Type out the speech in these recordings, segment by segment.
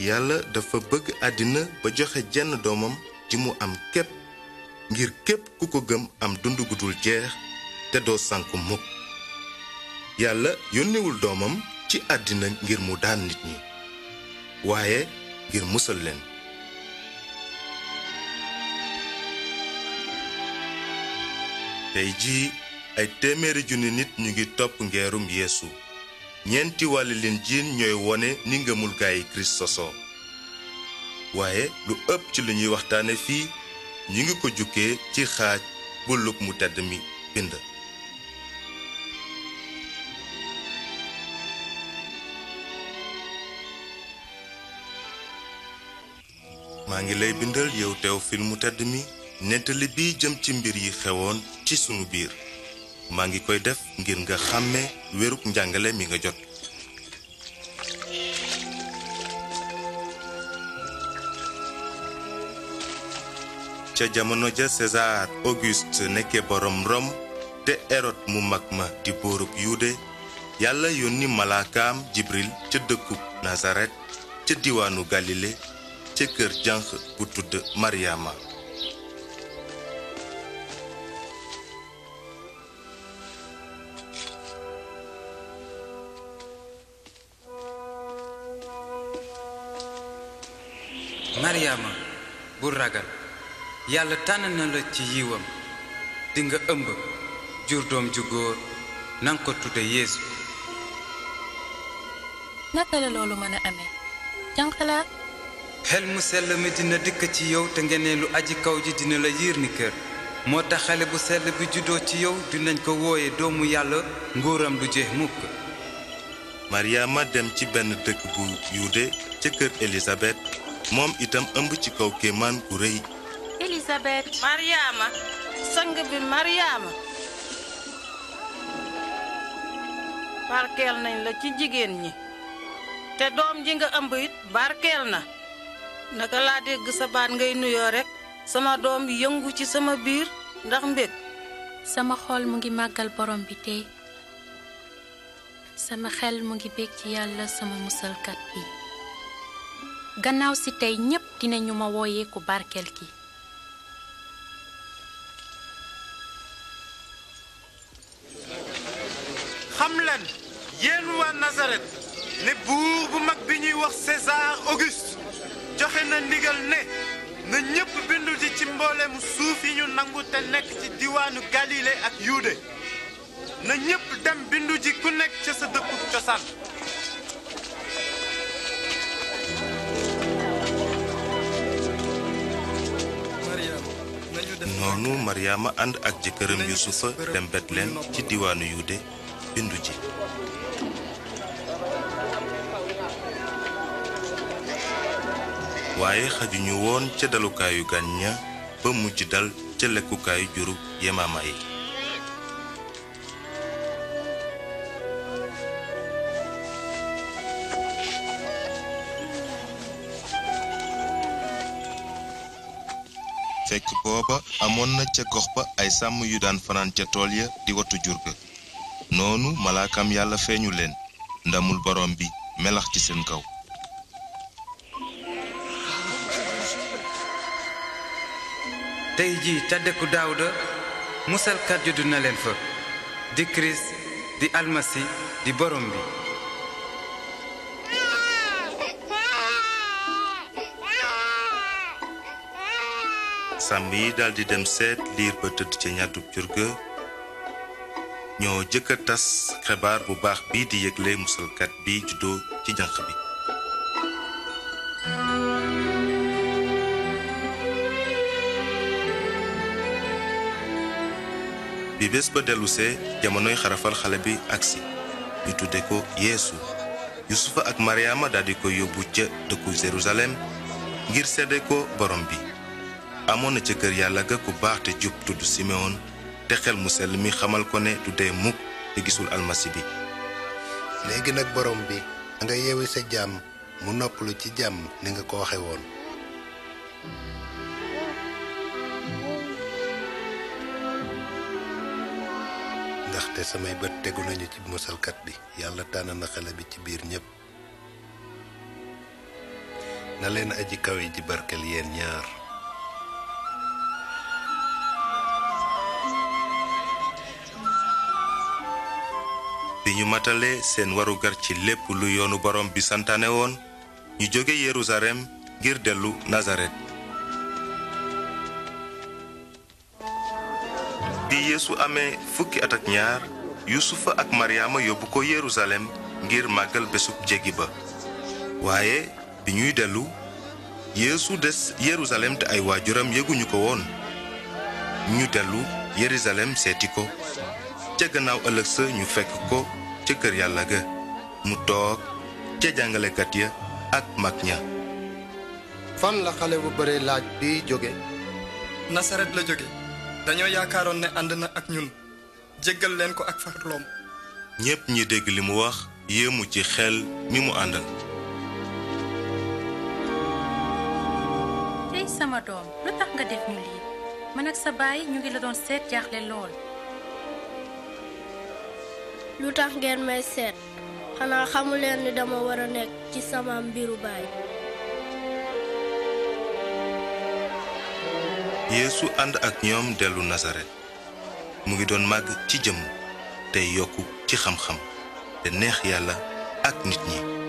yàlla dafa bëgg àddina ba joxe jenn doomam ji mu am képp ngir képp ku ko gëm am dund gu dul jeex te doo sànku mukk yàlla yónnewul doomam ci àddina ngir mu daan nit ñi waaye ngir musal leen tey jii ay téeméeri junni nit ñu ngi topp ngeerum yéesu ñeenti wàll leen jiin ñooy wone ni ngëmul gaay kirist sosoo waaye lu ëpp ci lu ñuy waxtaane fii ñu ngi ko jukkee ci xaaj bu luk mu tedd mi bind maa ngi lay bindal yow teew fil mu tedd mi nettali bi jëm ci mbir yi xewoon ci sunu biir maa ngi koy def ngir nga xàmme wérug njàngale mi nga jot ca jamono ja César Auguste nekke borom Rome te Hérode mu mag ma di buurub Yude yàlla yónni malaakaam Jibril ca dëkkub Nasaret ca diwaanu Galile ca kër janq bu tudd Mariama maryaama bu ragal yàlla tànn na la ci yiwam di nga ëmb jur doom ju góor nanga ko tudde yéesu naka la loolu mën a amee jànqalaat xel mu sell mi dina dikk ci yow te ngeneelu aji kaw ji dina la yiir ni kër moo tax xale bu sell bi juddoo ci yow dinañ ko wooye doomu yàlla nguuram du jeex mukk maryaama dem ci benn dëkk bu yuude ca kër elisabet moom itam ëmb ci kaw kéemaan ku rëy Elisabeth Mariama sang bi Mariama barkeel nañ la ci jigéen ñi te doom ji nga ëmb it barkeel na naga laa dégg sa baat ngay nuyoo rekk sama doom yëngu ci sama biir ndax mbég sama xol mu ngi màggal borom bi tey sama xel mu ngi bég ci yàlla sama musalkat bi gannaaw si tey ñépp dinañu ma wooyee ku barkeel ki xam leen yéen waa Nasaret ne buur bu mag bi ñuy wax César Auguste joxe na ndigal ne na ñépp bindu ji ci mboolemu suuf yi ñu nangu te nekk ci diwaanu Galilée ak Yuude na ñépp dem bindu ji ku nekk ca sa dëkku cosaan noonu Mariama ànd ak jëkkëram Yusufa dem Betlehem ci diwaanu Yude bindu ji waaye xajuñu woon ca dalukaayu gan ña ba mujj dal ca lekkukaayu jurub yemaama yi fekk booba amoon na ca gox ba ay sàmm yu daan fanaan ca tool ya di wattu jur ga noonu malaakam yàlla feeñu leen ndamul borom bi melax ci seen kaw tey jii ca dëkku daawuda musalkat juddu na leen fa di kirist di almasi di borom bi sàmm yi daldi dem seet liir ba tëdd jëkk a tas xibaar bu baax bi di yëgle musalkat bi juddoo ci janq bi bés ba dellusee jamonoy xarafal xale bi agsi ñu tudde ko yeesu yusufa ak maryaama daldi ko yóbbu ca dëkku jérusalem ngir sedde ko borom bi amoon na ca kër yàlla ga ku baax te jub tudd Simeon te xel mu sell mi xamal ko ne du dee mukk te gisul almasi bi léegi nag borom bi danga yeewi sa jàmm mu noppalu ci jàmm ni nga ko waxe woon ndaxte samay bët tegu nañu ci musalkat bi yàlla tànn na xale bi ci biir ñépp na leen aji kawe ci barkel yéen ñaar bi ñu matale seen warugar ci lépp lu yoonu borom bi santaane woon ñu jóge Yerusalem ngir dellu Nasaret bi Yeesu amee fukki at ak ñaar Yusufa ak Maryaama yóbbu ko Yerusalem ngir màggal bésub jéggi ba waaye bi ñuy dellu yéesu des Yerusalem te ay waajuram yëguñu ko woon ñu dellu Yerusalem seeti ko ca gannaaw ëllëg sa ñu fekk ko ca kër yàlla ga mu toog ca jàngalekat ya ak mag ña fan la xale bu bare laaj bi jóge nasaret la jóge dañoo yaakaaroon ne ànd na ak ñun jéggal leen ko ak farloom ñépp ñi dégg li mu wax yéemu ci xel mi mu àndal tey sama doom lu tax nga def ñu lii man ak sa baay ñu ngi la doon seet jaaxle lool lu tax ngeen may seet xanaa xamuleen ni dama war a nekk ci sama mbiru baay yeesu ànd ak ñoom dellu nasaret mu ngi doon màgg ci jëmm tey yokk ci xam-xam te neex yàlla ak nit ñi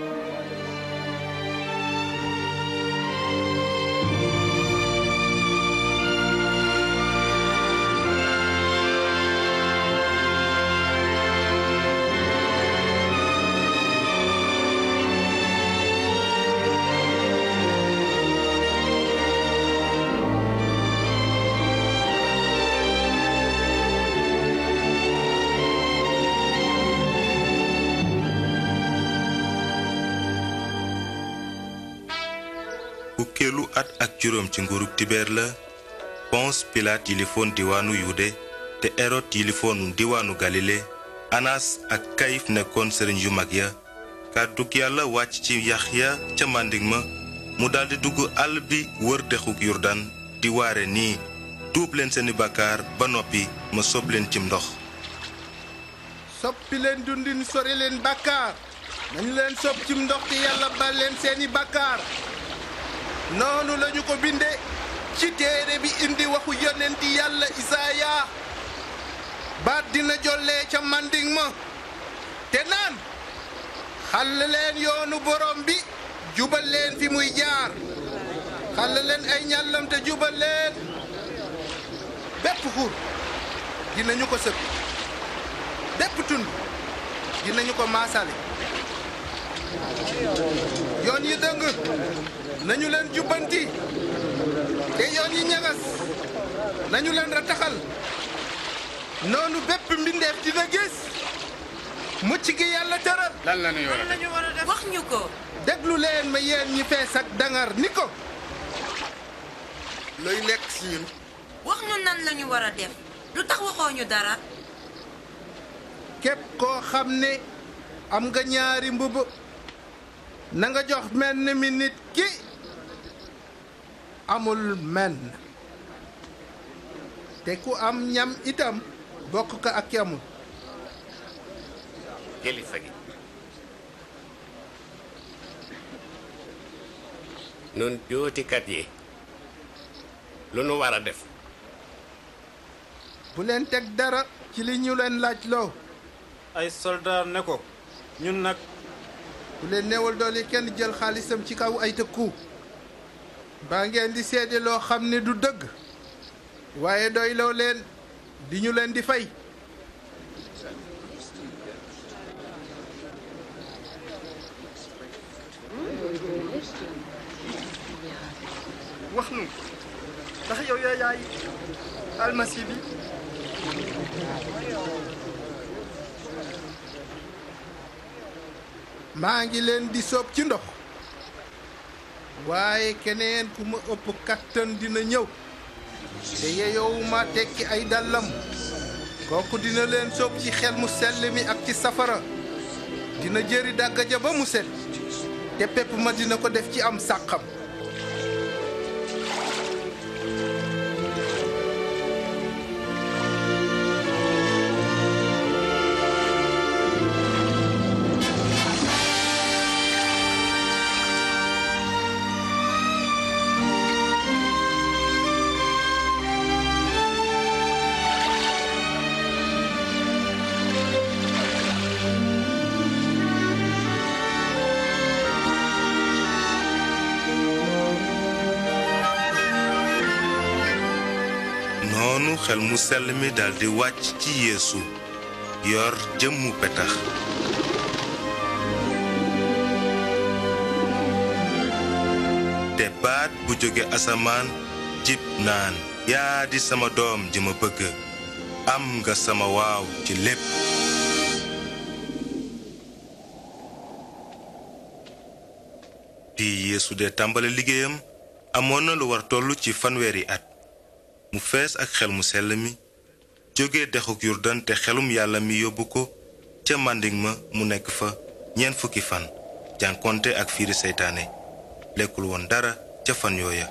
juróom ci nguurug tibeer la pons pilaat yilifoon diwaanu yude te erod yilifoon diwaanu galile anas ak kayif nekkoon sëriñ yu mag ya kàddug yàlla wàcc ci yax ya ca màndig ma mu daldi dugg àll bi wër dexug yurdan di waare nii tuub leen seeni bàkkaar ba noppi ma sob leen cim ndox soppi leen dundin sori leen bàkkaar nañu leen sob cim ndox te yàlla bal leen seeni bàkkaar noonu lañu ko bindee ci téere bi indi waxu yonenti yàlla isaya baat dina jollee ca manding ma te naan xàll yoonu borom bi jubal leen fi muy jaar xàll ay ñàllam te jubal leen bépp xur dinañu ko sëpp bépp tund dinañu ko maasale yoon yi dëng nañu leen jubbanti te yoon yi ñagas nañu leen rataxal noonu bépp mbindeef dina gis mucc gi yàlla tëral. lan la ñu war a def wax ñu ko. déglu leen ma yéen ñi fees ak dangar ni ko. looy nekk ci ñun. wax ñu nan la war a def lu tax waxoo ñu dara. képp koo xam ne am nga ñaari mbubb na nga jox menn mi nit ki. amul menn te ku am ñam itam bokk ko ak yamul kilifa gi nun jootikat yi lu nu war def bu leen teg dara ci li ñu leen laaj loo ay soldaar ne ko ñun nag bu leen neewal doole kenn jël xaalisam ci kaw ay tëkku ba ngeen di seede loo xam ne du dëgg waaye doy loo leen di ñu leen di fay wax nu ndax yow yaa yaay almasi bi maa ngi leen di soob ci ndox waaye keneen ku ma ëpp kattan dina ñëw te yeyowuma tekki ay dàllam kooku dina leen sóob ci xel mu sell mi ak ci safara dina jëri dàggaja ba mu set te pepp ma dina ko def ci am sàqam sell mi daldi wàcc ci yeesu yor jëmmu petax te baat bu jóge asamaan jib naan yaa di sama doom ji ma bëgg am nga sama waaw ci lépp bi yeesu de tàmbale liggéeyam amoon na lu war tollu ci fanweeri at mu fees ak xel mu sell mi jóge dexuk yurdan te xelum yàlla mi yóbbu ko ca màndiŋ ma mu nekk fa ñeent fukki fan jànkonte ak fiiri seytaane lekkul woon dara ca fan yooya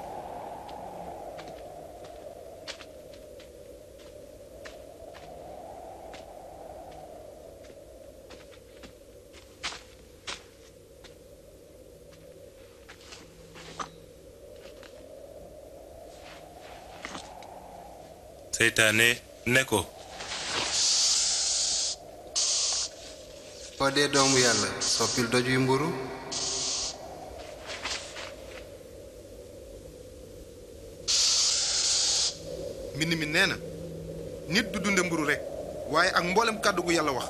seytaane né ko soo dee doomu yàlla soppil doj wi mburu mbind mi nee na nit du dunde mburu rekk waaye ak mboolem kàddu gu yàlla wax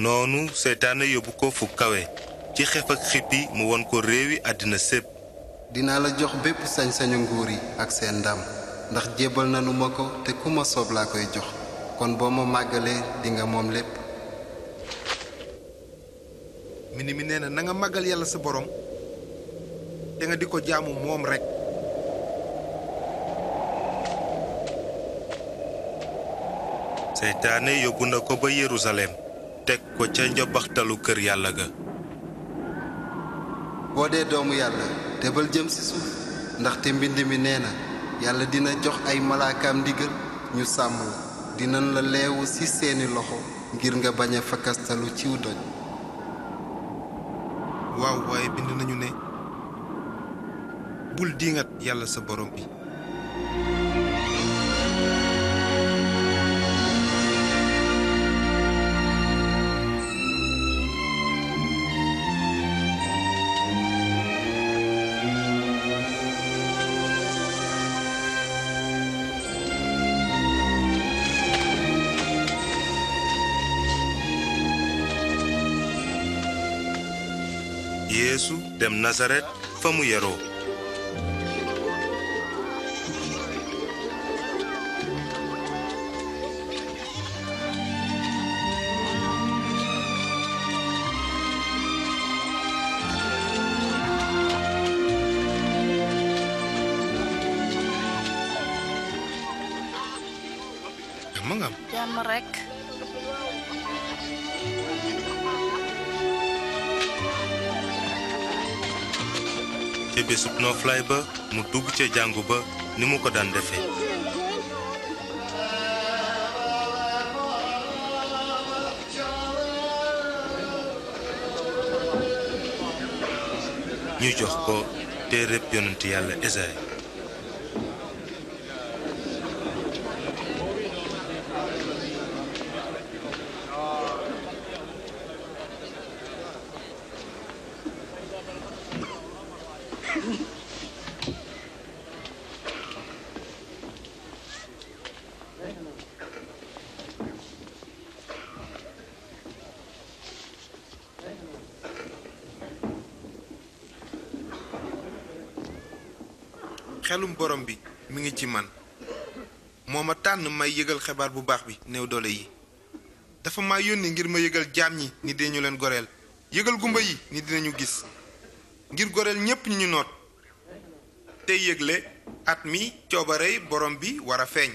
noonu seytaane yóbbu ko fu kawe ci xef ak xippi mu won ko réewi àddina sépp dinaa la jox bépp sañ-sañu nguur yi ak seen ndam ndax jébbal nanu ma ko te ku ma soob laa koy jox kon boo ma màggalee dinga moom lépp mbind mi nee na nanga màggal yàlla sa borom te nga di ko jaamu moom rekk seytaane yóbbu na ko ba Yerusalem ko ca njobaxtalu kër yàlla ga boo dee doomu yàlla tebal jëm ci suuf ndaxte mbind mi nee na yàlla dina jox ay malaakaam ndigal ñu sàmm la dinañ la leewu ci seeni loxo ngir nga bañ a fakkastalu ciw doj waaw waaye bind nañu ne bul diingat yàlla sa borom bi dem nasaret fa mu yaroo bisub ba mu dugg ca jàngu ba ni mu ko daan defee ñu jox ko téereb yonent yàlla Esaay ci man moo ma tànn may yëgal xibaar bu baax bi new doole yi dafa ma yónni ngir ma yëgal jaam ñi ni dinañu leen goreel yëgal gumba yi ni dinañu gis ngir goreel ñépp ñu noot tey yëgle at mi coobarey borom bi war a feeñ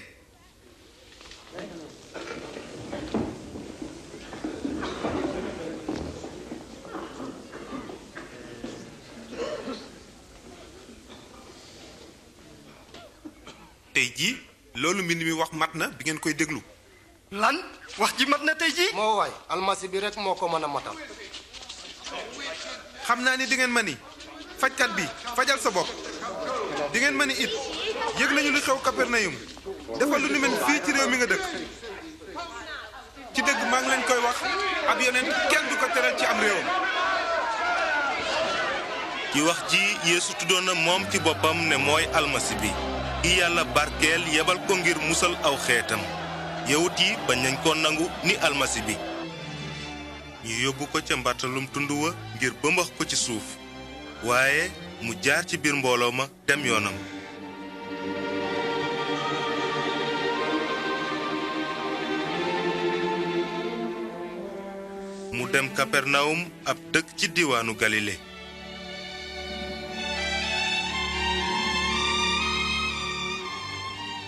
jii loolu mbind mi wax mat na bi ngeen koy déglu. lan wax ji mat na tey jii. moo waay almasi bi rek moo ko mën a matal. xam naa ni di ngeen ma ni fajkat bi fajal sa bopp di ngeen ma ni it yëg nañu lu xew Kapernaum defal lu nu fii ci réew mi nga dëkk ci dëgg maa ngi leen koy wax ab yeneen kenn du ko teral ci am réewam. ci wax ji Yeesu tuddoon na moom ci boppam ne mooy almasi bi. ki yàlla barkeel yebal ko ngir musal aw xeetam yawut yi bañ nañ ko nangu ni almasi bi ñu yóbbu ko ca mbattalum tund wa ngir bëmbax ko ci suuf waaye mu jaar ci biir mbooloo ma dem yoonam mu dem Kapernawum ab tëkk ci diwaanu Galile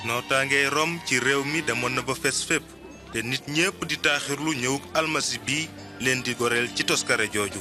nawtaangey rom ci réew mi demoon na ba fes fépp te nit ñépp di taaxirlu ñëwug almasi bi leen di goreel ci toskare jooju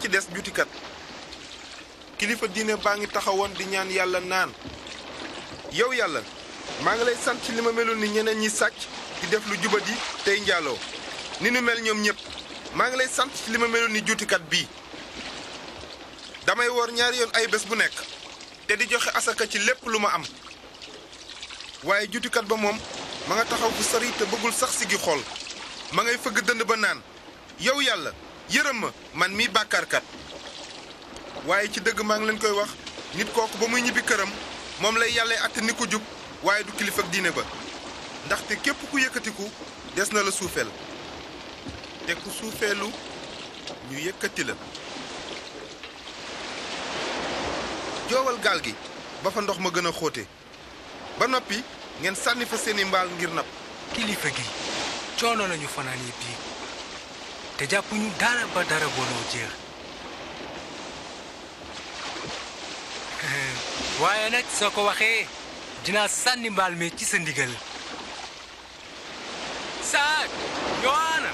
ci des jutikat kilifa diine baa ngi taxawoon di ñaan yàlla naan yow yàlla maa ngi lay sant ci li ma meloon ni ñeneen ñi sàcc di def lu jubadi tey njaaloo ni nu mel ñoom ñëpp maa ngi lay sant ci li ma meloon ni jutikat bi damay woor ñaari yoon ay bés bu nekk te di joxe asaka ci lépp lu ma am waaye jutikat ba moom ma nga taxaw fu sori te bëggul sax si xool ma ngay fëgg dënd ba naan yow yàlla yërëm ma man mii bàkkaarkat waaye ci dëgg maa ngi leen koy wax nit kooku ba muy ñibbi këram moom lay yàlla àtte ni ko jub waaye du kilifa diine ba ndaxte képp ku yëkkatiku des na la suufeel te ku suufeelu ñu yëkkati la joowal gaal gi ba fa ndox ma gën a xóote ba noppi ngeen sànni fa seeni mbaal ngir napp kilifa gi coono lañu te jàppuñu dara ba dara bonoo jeex waaye nag soo ko waxee dinaa sànni mbaal mi ci sa ndiggal saak yowaana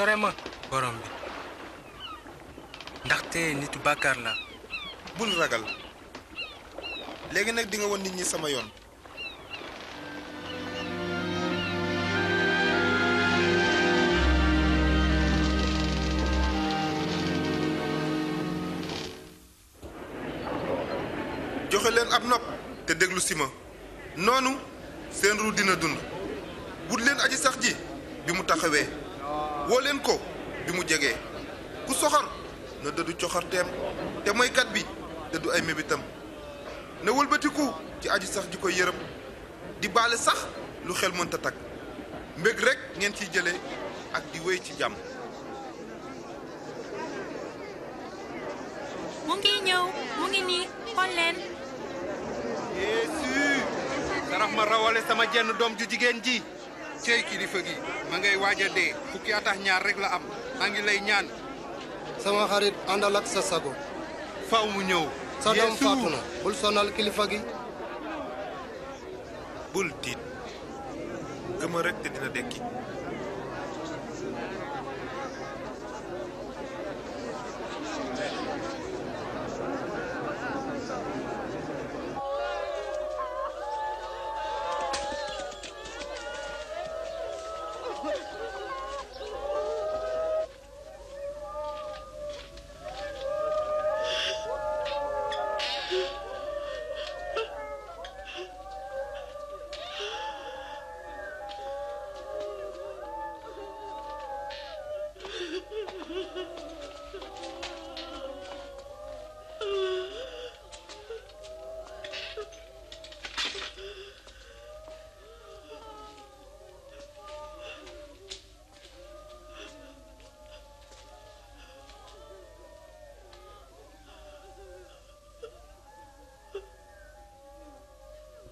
sore ma borom bi ndaxte nitu bàkkaar la bul ragal léegi nag di nga won nit ñi sama yoon xel mënta ngeen ciy jëlee ak di wéy ci jàmm. mu ngi ñëw mu ngi nii xool leen. darax ma rawale sama jenn doom ju jigéen ji. cey kilifa gi ma ngay waaj a fukki atax ñaar rek la am maa ngi lay ñaan. sama xarit àndal ak sa sago. faw mu ñëw. sa doom faatu na bul sonal kilifa gi. gëmal rek te dina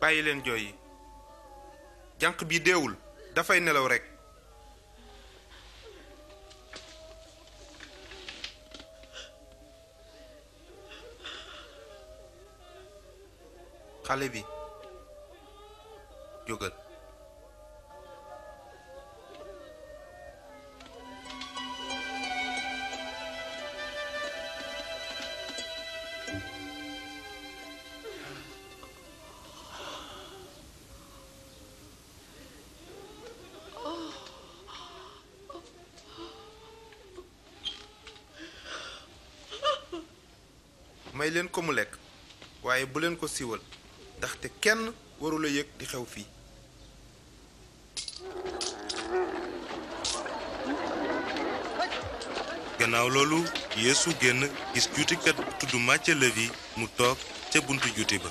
bàyyi leen jooy yi jànq bi deewul dafay nelaw rekk xale bi jógal leen ko mu lekk waaye bu leen ko siiwal ndaxte kenn warula yëg di xew fii gannaaw loolu yéesu génn gis juutikat bu tudd Màcce mu toog ca buntu juuti ba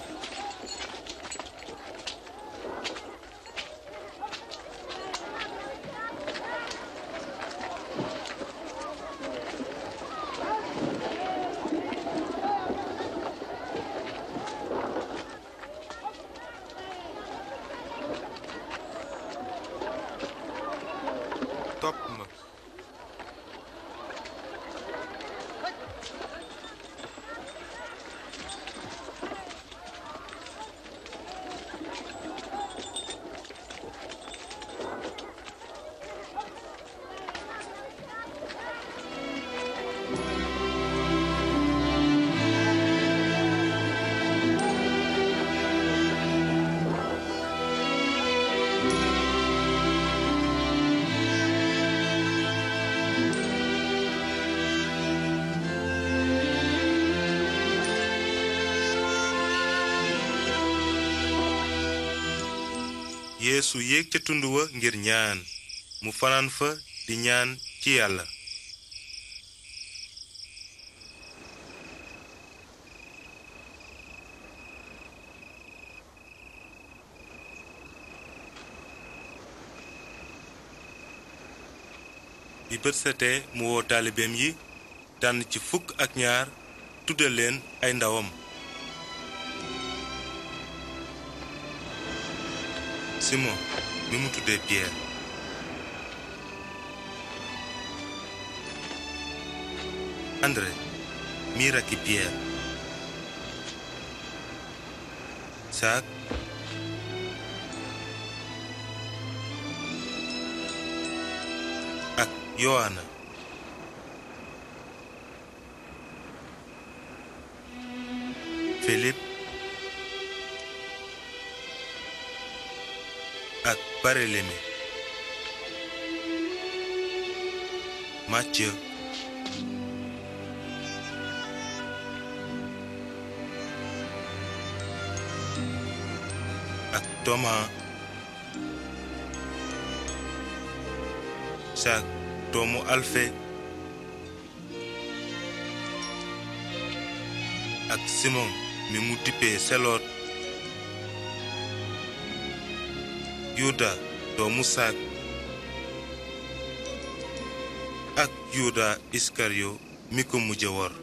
yeesu yéeg ca ngir ñaan mu fanaan di ñaan ci yàlla bi bët setee mu woo taalibeem yi tànn ci fukk ak ñaar tuddal leen ay ndawam simon mi mu Pierre André mii rakki Pierre Saak ak Yowaana Barthélemy Matthieu ak Thomas saak doomu Alfe ak Simon mi mu dippee Seloot yuda doomu saak ak yuda iskariyo mi ko mujje wor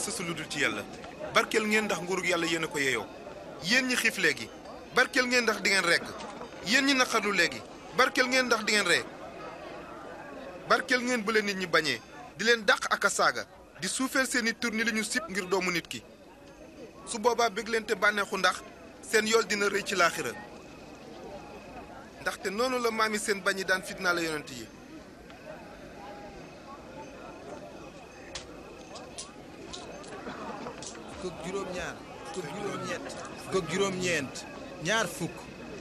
sësu lu dul ci yàlla barkeel ngeen ndax nguurug yàlla yéen ko yeyoo yéen ñi xiif léegi barkeel ngeen ndax di ngeen rekk yéen ñi naqarlu léegi barkeel ngeen ndax di ngeen ree barkeel ngeen bu leen nit ñi bañee di leen dàq ak a saaga di suufeel seeni tur ni li ñu sib ngir doomu nit ki su boobaa bég leen te bànneexu ndax seen yool dina rëy ci laaxira ndaxte noonu la maami seen bañi daan fitnaa la yonent yi fukk ak juróom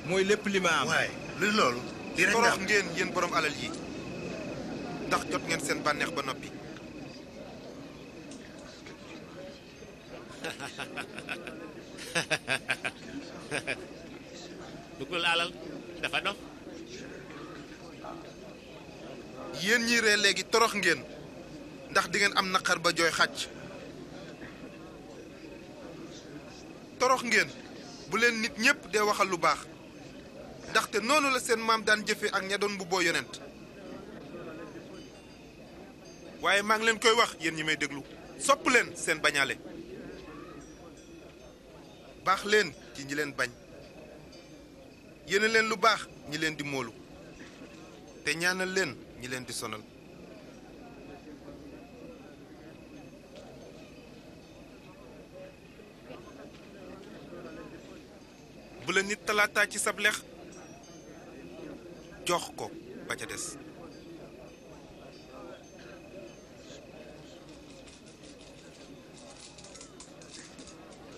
mooy lépp li ma am. li loolu. torox ngeen yéen borom alal yi ndax jot ngeen seen bànneex ba noppi. duggul alal dafa dof yéen ree léegi torox ngeen ndax di ngeen am naqar ba jooy xàcc. torox ngeen bu leen nit ñépp dee waxal lu baax ndaxte noonu la seen maam daan jëfe ak ña doon mbubboo yonent waaye maa ngi leen koy wax yéen ñi may déglu sopp leen seen bañaale baax leen ci ñi leen bañ yéene leen lu baax ñi leen di moolu te ñaanal leen ñi leen di sonal bu la nit talaataa ci sab lex jox ko ba ca des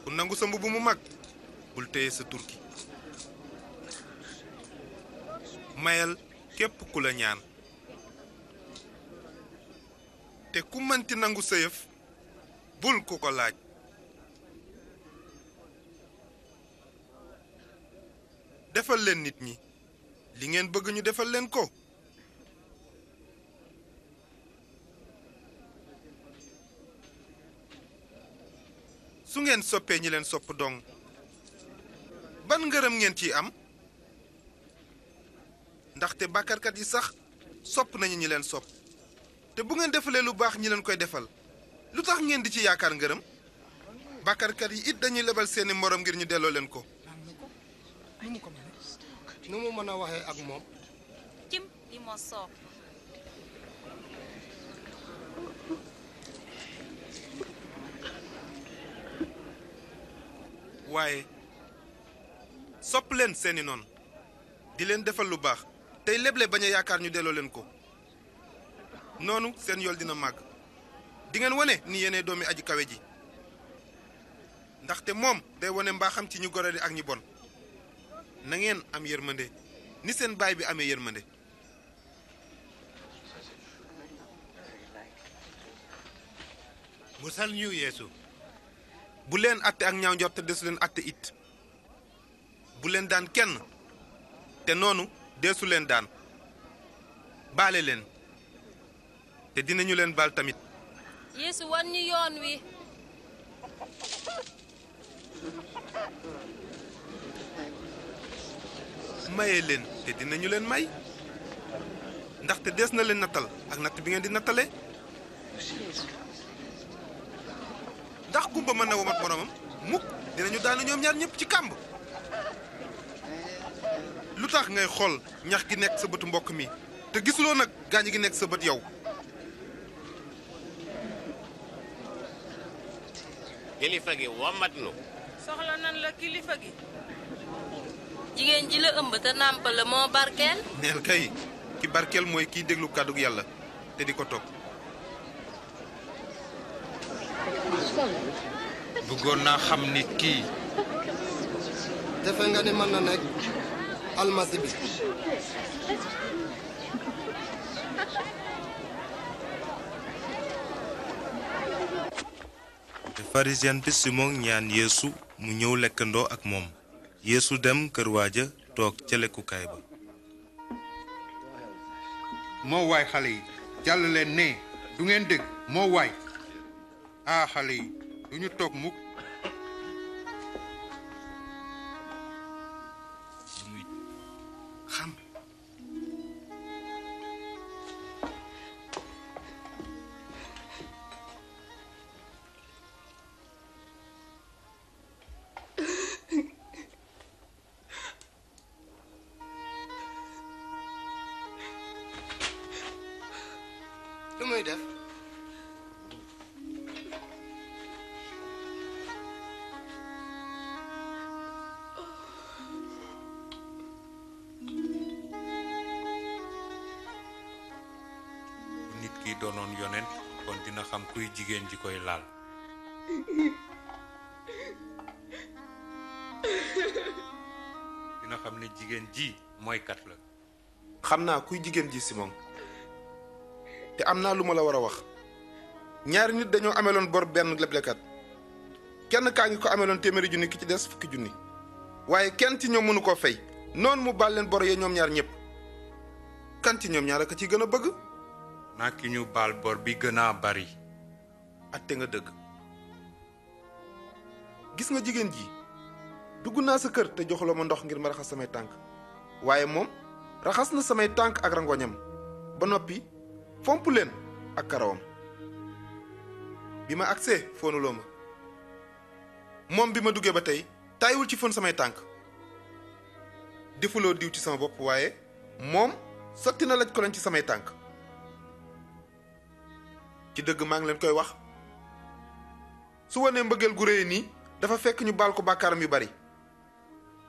bu nangu sa mbubb mu mag bul téye sa turki mayal képp ku la ñaan te ku mënti nangu sa yëf bul ku ko laaj defal leen nit ñi li ngeen bëgg ñu defal leen ko su ngeen soppee ñi leen sopp dong ban ngërëm ngeen ciy am ndaxte bàkkarkat yi sax sopp nañu ñi leen sopp te bu ngeen defalee lu baax ñi leen koy defal lu tax ngeen di ci yaakaar ngërëm bàkkarkat yi it dañuy lebal seeni moroom ngir ñu delloo leen ko nu mu mën a waxee ak moom. kim li ma soob. waaye sopp leen seeni noonu di leen defal lu baax tey leble bañ a yaakaar ñu delloo leen ko noonu seen yool dina màgg di ngeen wane ni yenee doomi aji kawe ji ndaxte moom day wane mbaaxam ci ñu goradi ak ñi bon na ngeen am yërmande ni seen baay bi amee yërmande musal ñu yéesu bu leen atte ak ñaaw njort te desu leen atte it bu leen daan kenn te noonu deesu leen daan baale leen te dinañu leen baal tamit yeesu wan ñu yoon wi maye leen te dinañu leen may ndaxte des na leen nattal ak natt bi ngeen di nattale ndax gumba mën na womat boromam mukk dinañu daanu ñoom ñaar ñëpp ci kàmb lu tax ngay xool ñax gi nekk sa bëtu mbokk mi te gisuloo nag gaañ gi nekk sa bët yow kilifa gi womat jigéen ji la ëmb te nàmpal moo barkeel. neel kay ki barkeel mooy kiy déglu kàddug yàlla te di ko topp. bëggoon naa xam nit kii. defe nga ni mën na nekk almasi bi. te pharisien bi Simon ñaan Yeesu mu ñëw lekkandoo ak moom. yéesu dem kër waa ja toog ca lekkukaay ba moo waay xale yi jàll leen ne du ngeen dégg moo waay ah xale yi du ñu toog mukk jigéen ji koy laal ki na xam ne jigéen ji moykat la xam naa kuy jigéen ji si moom te am naa lu ma la war a wax ñaari nit dañoo ameloon bor benn leblekat kenn kaa ngi ko ameloon téeméeri junni ki ci des fukki junni waaye kenn ci ñoom mënu koo fay noonu mu baal leen bor yee ñoom ñaar ñëpp kan ci ñoom ñaar ci gën a bëgg naa ki ñu baal bor bi gën a bari atte nga dëgg gis nga jigéen ji dugg naa sa kër te joxuloo ma ndox ngir ma raxas samay tànk waaye moom raxas na samay tànk ak rangoñam ba noppi fomp leen ak karawam bi ma agsee foonuloo ma moom bi ma duggee ba tey taayiwul ci fon samay tànk defuloo diw ci sama bopp waaye moom sotti na laj ko leen ci samay tànk ci dëgg maa ngi leen koy wax su wanee mbëggeel gu réy nii dafa fekk ñu baal ko bàkkaaram yu bari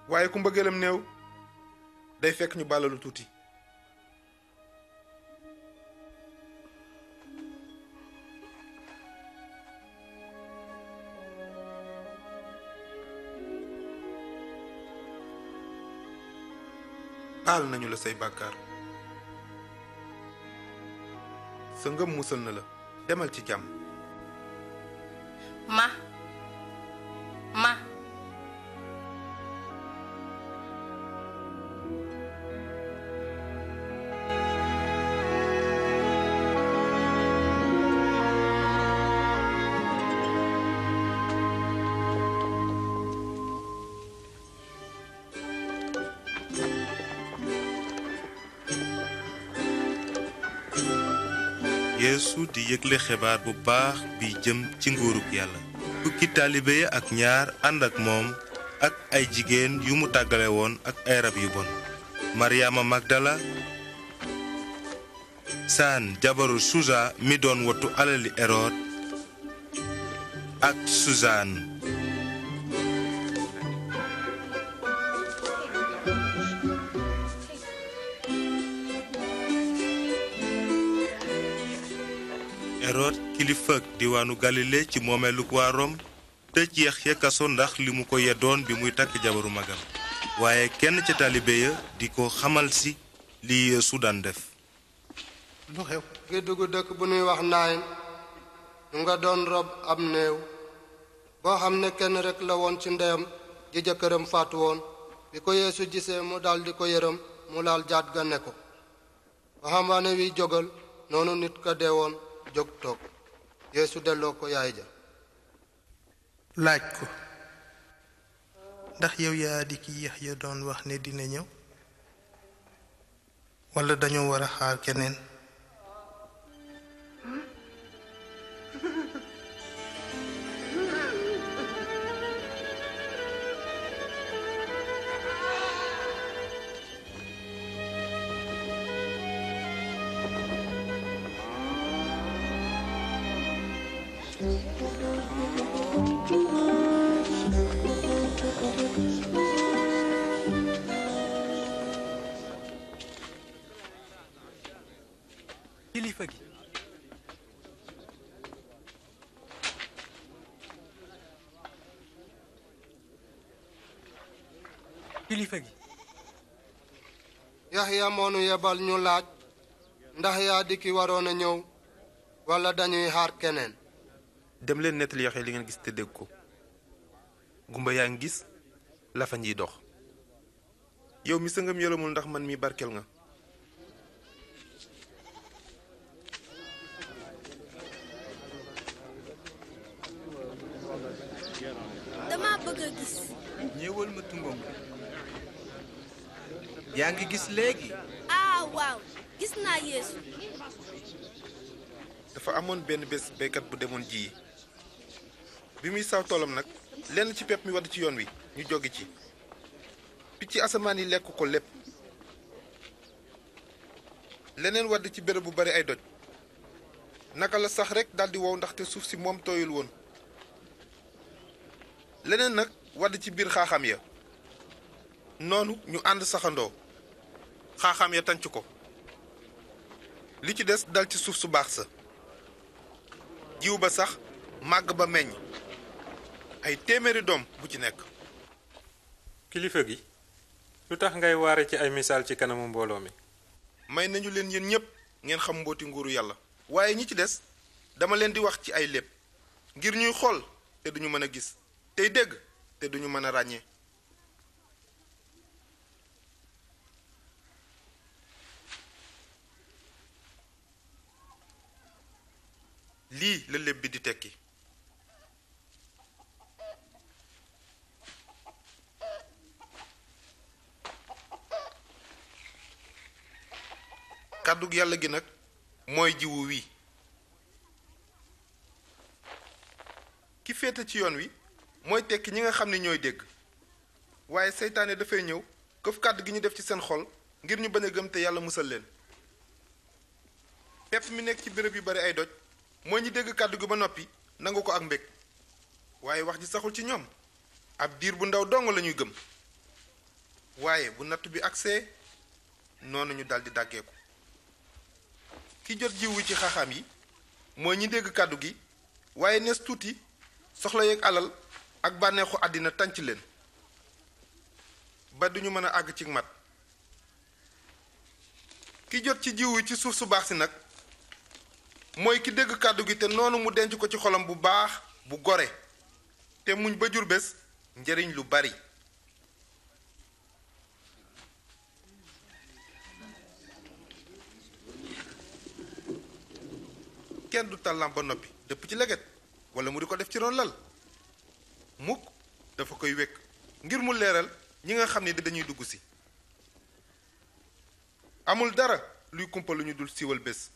waaye ku mbëggeelam néew day fekk ñu baalalu tuuti baal nañu la say bàkkaar sa ngëm musal na la demal ci jàmm ma ma weesu di yëgle xibaar bu baax bi jëm ci nguurug yàlla fukki ak ñaar ànd ak moom ak ay jigéen yu mu tàggale woon ak ay rab yu bon maryaama magdala saan jabaru susa mi doon wattu alali erod ak susaan Hérode kilifa ak diwaanu Galilée ci moomeeluk waa Rome tëj Yaxya kaso ndax li mu ko yeddoon bi muy takk jabaru magam waaye kenn ca taalibe ya di ko xamal si li Yeesu daan def lu xew nga dugg dëkk bu nuy wax naayin ñu nga doon rob ab néew boo xam ne kenn rekk la woon ci ndeyam ji jëkkëram faatu woon bi ko yeesu gisee mu daldi ko yërëm mu laal jaat ga ko waxambaane wi jógal noonu nit ka dee jóg toog yeesu delloo ko yaay ja laaj ko ndax yow yaa di ki Yaxya doon wax ne dina ñëw walla dañoo war a xaar keneen ya yebal ñu laaj ndax yaa di ki ñëw wala dañuy xaar keneen dem leen nettali yaxee li ngeen gis te dégg ko gumba yaa ngi gis lafañ yi dox yow mi sëngam yëlamul ndax man mi barkel nga dama bëgg a gis yaa ngi gis léegi ah waaw gis naa yeesu dafa amoon benn bés béykat bu demoon ji bi muy saw toolam nag lenn ci pepp mi wadd ci yoon wi ñu joggi ci picc asamaan yi lekk ko lépp leneen wadd ci béréb bu bari ay doj naka la sax rekk daldi wow ndaxte suuf si moom tooyul woon leneen nag wadd ci biir xaaxam ya noonu ñu ànd saxandoo xaaxaam ya tànc ko li ci des dal ci suuf su baax sa jiw ba sax màgg ba meññ ay téeméeri doom bu ci nekk kilifa gi lu tax ngay waare ci ay misaal ci kanamu mbooloo mi may nañu leen yéen ñépp ngeen xam mbooti nguuru yàlla waaye ñi ci des dama leen di wax ci ay lépp ngir ñuy xool te duñu mën a gis tey dégg te duñu mën a ràññe lii la léeb bi di tekki kàddug yàlla gi nag mooy jiwu wi ki féete ci yoon wi mooy tekki ñi nga xam ne ñooy dégg waaye seytaane dafay ñëw këf kàddu gi ñu def ci seen xol ngir ñu bañ a gëm te yàlla musal leen pepp mu nekk ci bërëb yu bari ay doj mooy ñi dégg kàddu gi ba noppi nangu ko ak mbég waaye wax ji saxul ci ñoom ab diir bu ndaw dong la ñuy gëm waaye bu natt bi agsee noonu ñu daldi dàggeeku ki jot jiwu ci xaaxaam yi mooy ñi dégg kàddu gi waaye nees tuuti soxla yeeg alal ak bànneexu àddina tànc leen ba duñu mën a àgg ci mat ki jot ci jiwu ci suuf su baax si nag mooy ki dégg kàddu gi te noonu mu denc ko ci xolam bu baax bu gore te muñ ba jur bés njëriñ lu bari kenn du tàllam ba noppi dëpp ci leget wala mu di ko def ci ron lal mukk dafa koy wekk ngir mu leeral ñi nga xam ni ne dañuy dugg si amul dara luy kumpa lu ñu dul siiwal bés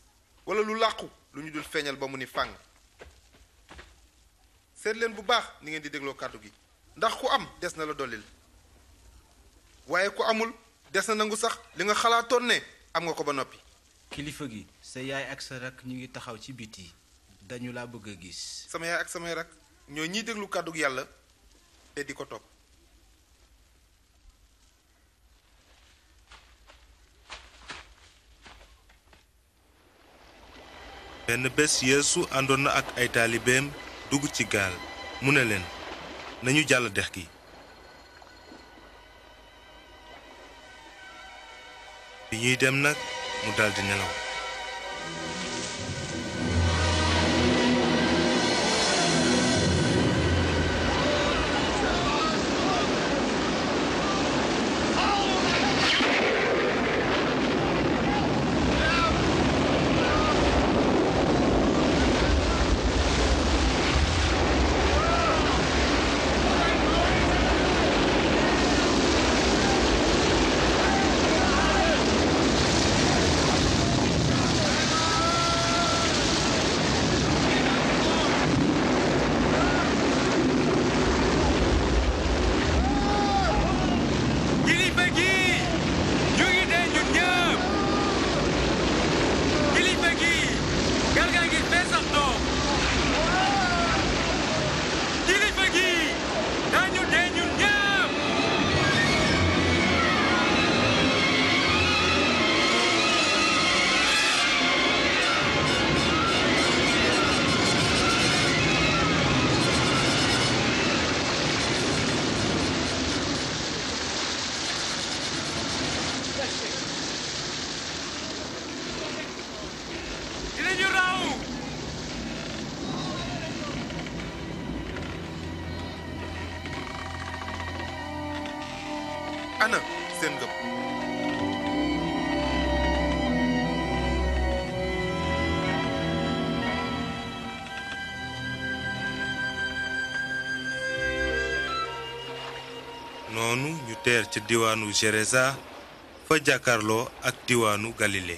wala lu làqu lu ñu dul feeñal ba mu ni fàng seet leen bu baax ni ngeen di dégloo kàddu gi ndax ku am des na la dollil waaye ku amul des na nangu sax li nga xalaatoon ne am nga ko ba noppi kilifa gi sa yaay ak sa rak ñu ngi taxaw ci biti dañu laa bëgg a gis sama yaay ak samay rak ñoo ñiy déglu kàddu yàlla te di ko toog benn bés yeesu àndoon na ak ay taalibeem dugg ci gaal mu ne leen nañu jàll dex gi bi ñuy dem nag mu daldi nelaw Galilée ca diwaanu Gerasa fa jàkkaarloo ak diwaanu galilé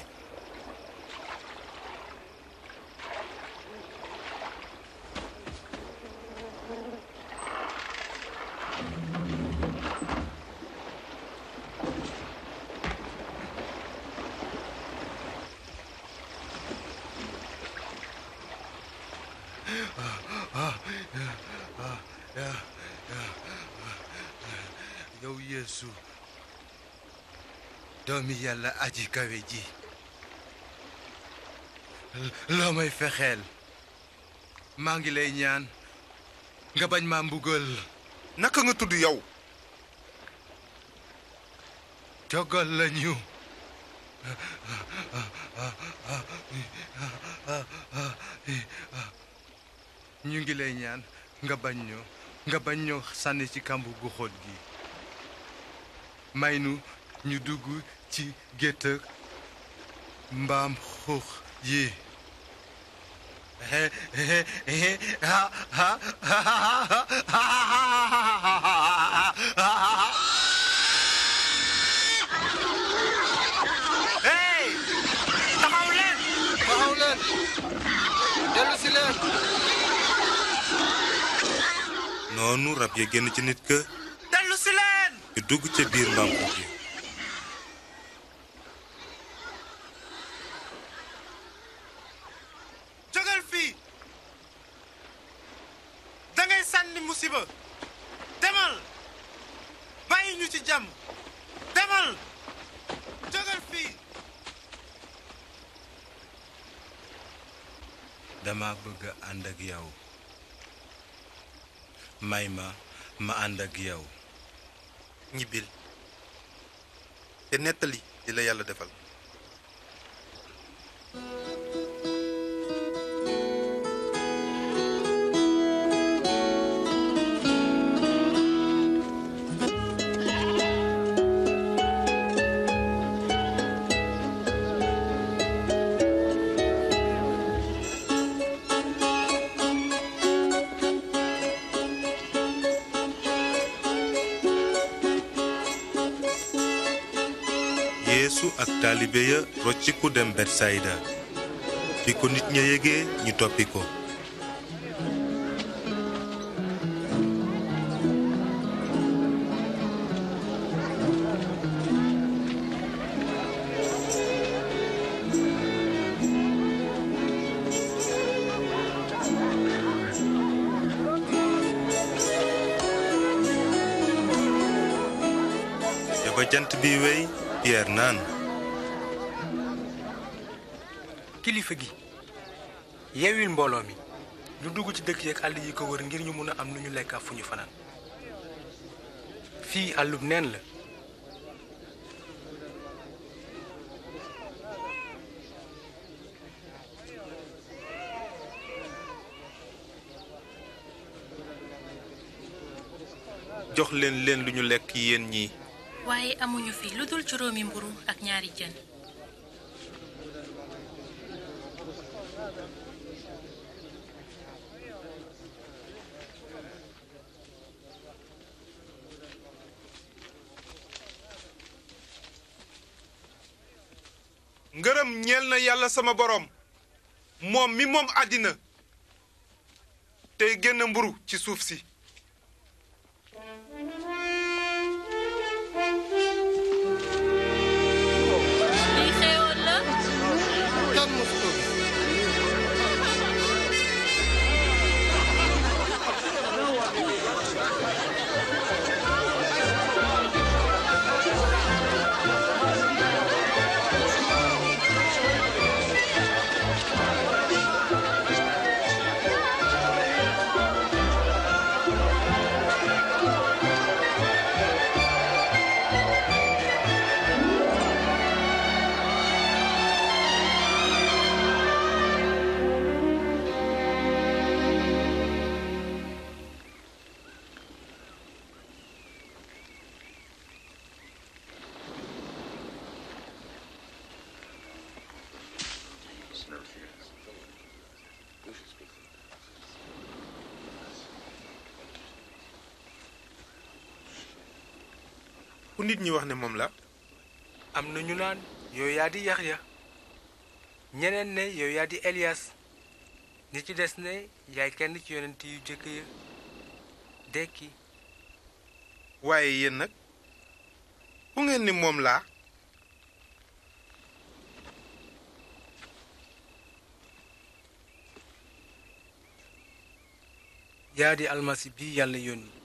kawe ji loo may fexeel maa ngi lay ñaan nga bañ maa mbugal naka nga tudd yow cogal lañu ñu ngi lay ñaan nga bañ ñoo sànni ci kàmb gu xóot gi may nu ñu dugg ci gétt mbaam xuux yi noonu rab ya génn ci nit ka dellu si leen ñu dugg ca biir mbaam xuux yi dama bëgg ànd ak yow may ma ma ànd ak yow ñibbil te nettali di yàlla defal taalibe ya rocciku dem betsayda bi ko nit ña yégee ñu toppi ko ba jant bi wey Pierre naan yeewil mbooloo mi ñu dugg ci dëkk yeeg àll yi ko wër ngir ñu mën a am lu ñu lekk fu ñu fanaan fii àllub neen la jox leen leen lu ñu lekk yéen ñi waaye amuñu fi lu dul juróomi mburu ak ñaari jën sama borom moom mi moom àddina tey génn mburu ci suuf si ku nit ñi wax ne moom la am na ñu naan yow yaa di yaxya ñeneen ne yow yaa di elias ñi ci des ne yaay kenn ci yonent yu jëkk ya dekki waaye yéen nag ku ngeen ni moom laa yaa di almasi yàlla yónni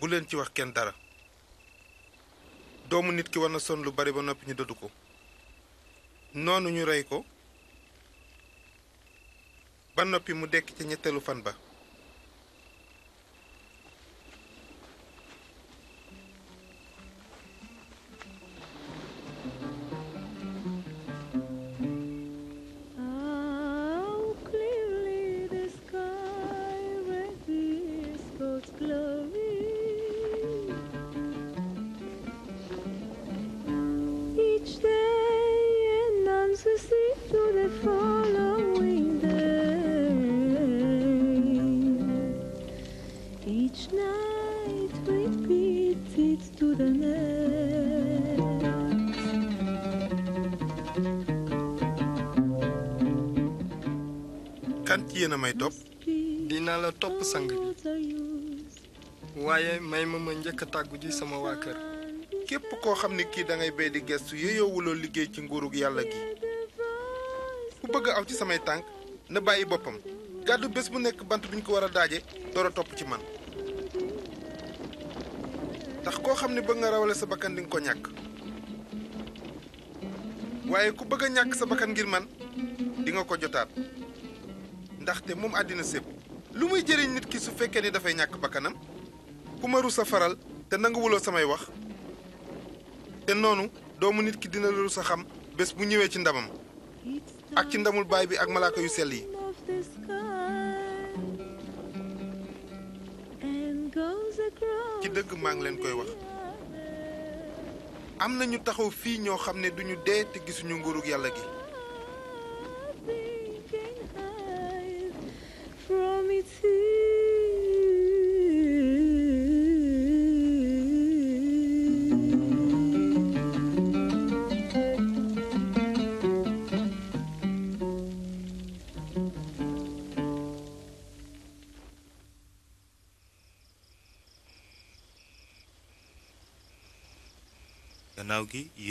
buleen ci wax kenn dara doomu nit ki war na sonn lu bari ba noppi ñu dëddu ko noonu ñu rey ko ba noppi mu dekk ca ñetteelu fan ba jàpp waaye may ma ma njëkk a tàggu ji sama waa kër. képp koo xam ne kii da ngay béy di gestu yeyowuloo liggéey ci nguuru yàlla gi ku bëgg aw ci samay tànk na bàyyi boppam gàddu bés bu nekk bant buñ ko war a daaje door a topp ci man ndax koo xam ne bëgg nga rawale sa bakkan di nga ko ñàkk waaye ku bëgg a ñàkk sa bakkan ngir man di nga ko jotaat ndaxte moom àddina sépp lu muy jëriñ nit ki su fekkee ni dafay ñàkk bakkanam ku ma rus a faral te nanguwuloo samay wax te noonu doomu nit ki dina la rus xam bés bu ñëwee ci ndamam ak ci ndamul baay bi ak malaaka yu sell yi ci dëkk maa ngi leen koy wax am na ñu taxaw fii ñoo xam ne duñu dee te gisuñu nguurug yàlla gi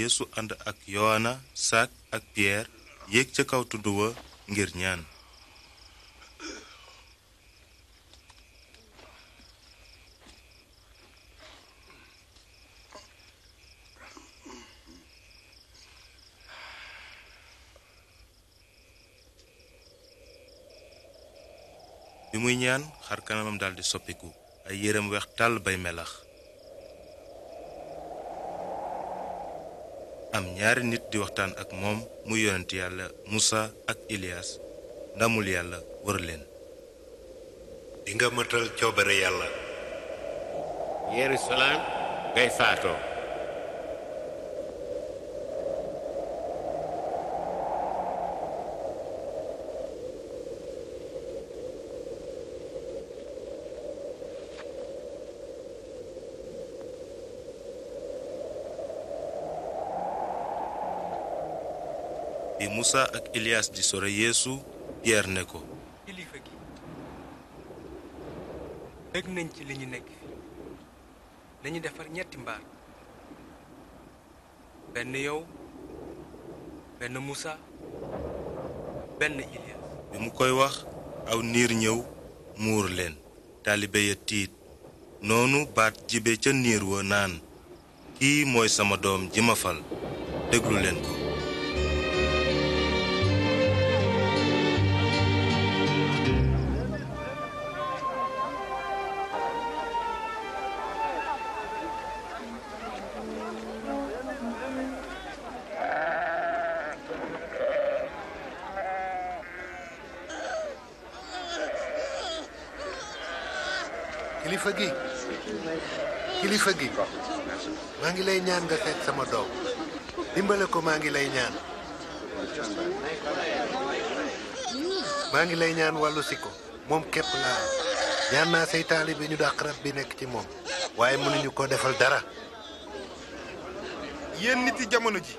yeesu ànd ak yowaana saak ak piyeer yéeg ca kaw tudd ngir ñaan bi muy ñaan xar kanamam daldi soppiku ay yéreem weex tàll bay melax am ñaari nit di waxtaan ak moom mu yonent yàlla Musa ak Ilias ndamul yàlla wër leen di nga coobare yàlla Yerusalem ngay faatoo bi Moussa ak Ilias di sore Yeesu Pierre ne ko kilifa gi dëgg nañ ci li ñu nekk fi dañu defar ñetti mbaar benn yow benn Moussa benn Ilias bi mu koy wax aw niir ñëw muur leen taalibe ya tiit noonu baat jibe ca niir wa naan kii mooy sama doom ji ma fal déglu leen ko sama doom dimbale ko maa ngi lay ñaan maa ngi lay ñaan wàllusi ko moom képp laa ñaan naa say bi ñu dàq rab bi nekk ci moom waaye mënuñu koo defal dara yéen nit yi jamono ji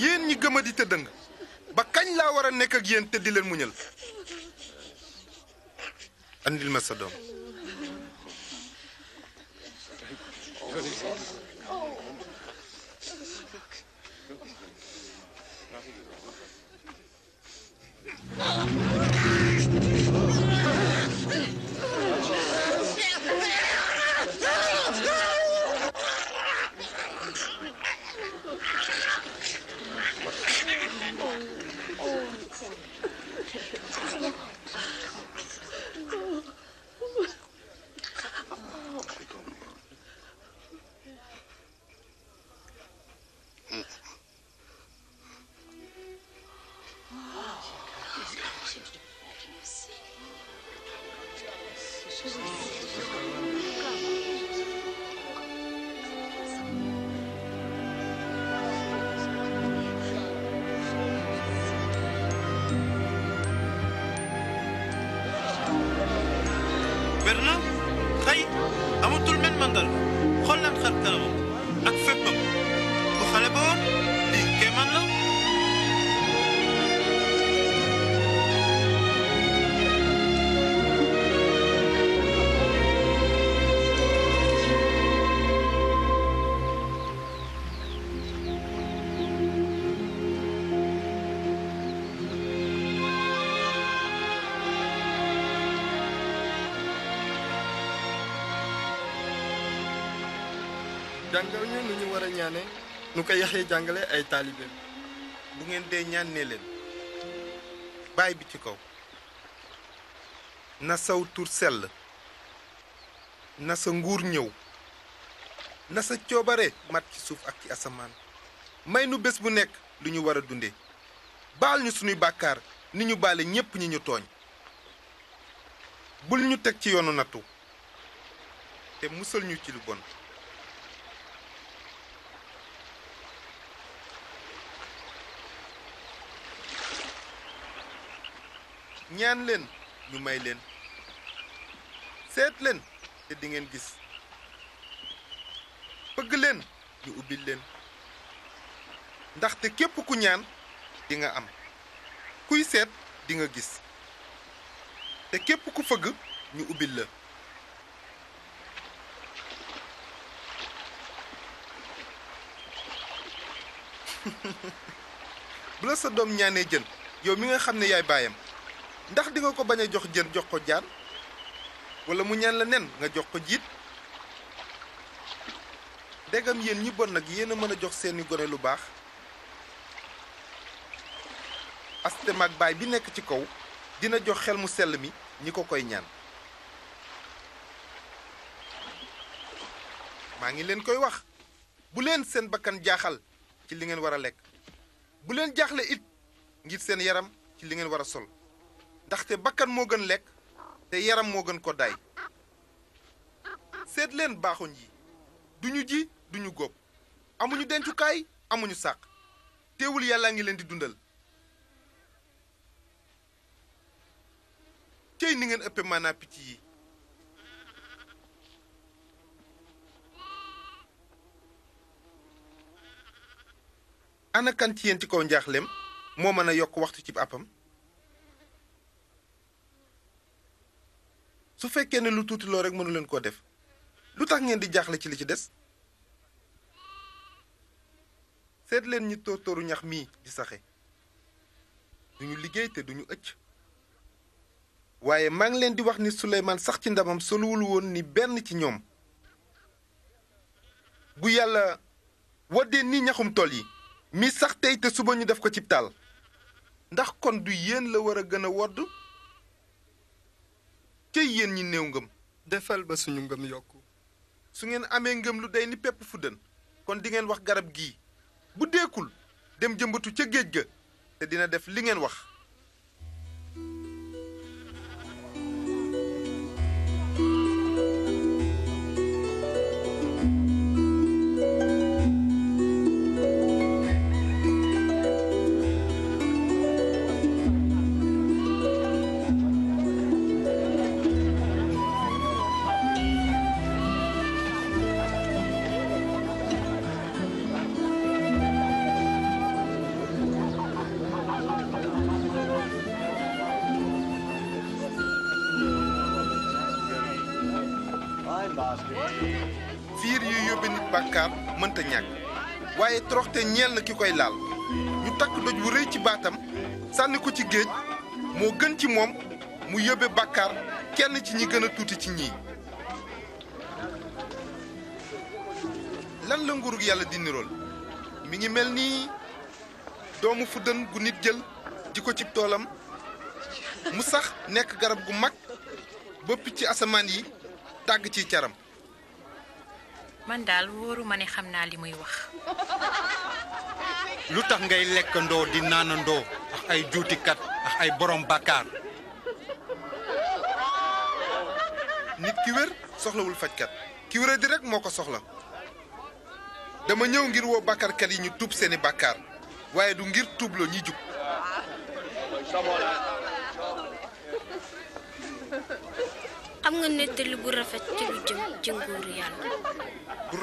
yéen ñi gëma di tëddëng ba kañ laa war a nekk ak yéen te di leen muñal andil ma sa doom jàngal ñu war a ñaane nu ko yaxee jàngale ay taalibeem bu ngeen dee ñaan leen baay bi ci kaw na saw tur sell na sa nguur ñëw na sa coobare mat ci suuf ak ci asamaan may nu bés bu nekk lu ñu war a dunde baal ñu sunuy bàkkaar ni ñu baale ñépp ñi ñu tooñ bul ñu teg ci yoonu nattu te musal ñu ci lu bon ñaan leen ñu may leen seet leen te di gis fëgg leen ñu ubbil leen ndaxte képp ku ñaan di nga am kuy seet dinga gis te képp ku fëgg ñu ubbil la bu sa doom ñaanee jën yow mi nga xam ne yaay baayam ndax di ko bañ a jox jën jox ko jaan wala mu ñaan la nen nga jox ko jiit degam yéen ñi bon nag yéen a mën a jox seeni gone lu baax aste mag baay bi nekk ci kaw dina jox xel mu sell mi ñi ko koy ñaan maa ngi leen koy wax bu leen seen bakkan jaaxal ci li ngeen war a lekk bu leen jaaxle it ngir seen yaram ci li ngeen war a sol ndaxte bakkan moo gën lekk te yaram moo gën ko day seet leen baaxuñ yi duñu ji duñu góob amuñu dencukaay amuñu sàq teewul yàllaa ngi leen di dundal céy ni ngeen ëppe maanaa picc yi ana ci yéen ci kaw njaaxlem moo mën a yokk waxtu ci àppam su fekkee ne lu tuuti loo rek mënu leen koo def lu tax ngeen di jaaxle ci li ci des seet leen ñi tóortóoru ñax mii di saxe duñu liggéey te duñu ëcc waaye maa ngi leen di wax ni Suleymaan sax ci ndamam soluwul woon ni benn ci ñoom bu yàlla waddee ni ñaxum tool yi mi sax tey te suba ñu def ko cib taal ndax kon du yéen la war a gën a wodd cey yéen ñi néew ngëm defal ba suñu ngëm yokku su ngeen amee ngëm lu day ni pepp fuddën kon di ngeen wax garab gii bu deekul dem jëmbatu ca géej ga te dina def li ngeen wax géej moo gën ci moom mu yóbbe bàkkaar kenn ci ñi gën a tuuti ci ñii lan la nguurug yàlla di nirool mi ngi mel ni doomu fuddën gu nit jël di ko ci toolam mu sax nekk garab gu mag ba picc asamaan yi tàgg ci caram man daal wóoru ma ne xam naa li muy wax. lu tax ngay lekkandoo di naanandoo ak ay juutikat ak ay borom bàkkaar. nit ki wér soxlawul fajkat ki wéra di moo ko soxla dama ñëw ngir woo bàkkaarkat yi ñu tuub seeni bàkkaar waaye du ngir tuubloo ñi jub. xam nga nettali bu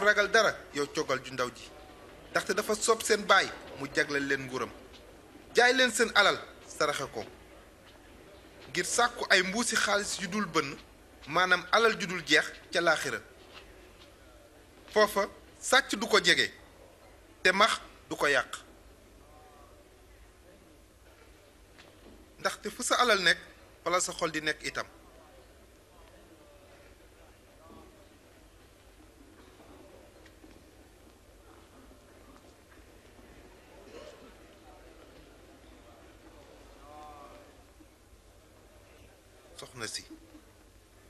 ragal dara yow cogal ju ndaw ji ndaxte dafa soob seen baay mu jagleel leen nguuram jaay leen seen alal saraxe ko ngir sàkku ay mbuusi xaalis yu dul bënn maanaam alal ju dul jeex ca laaxira foofa sàcc du ko jege te max du ko yàq ndaxte fu sa alal nekk wala sa xol di nekk itam.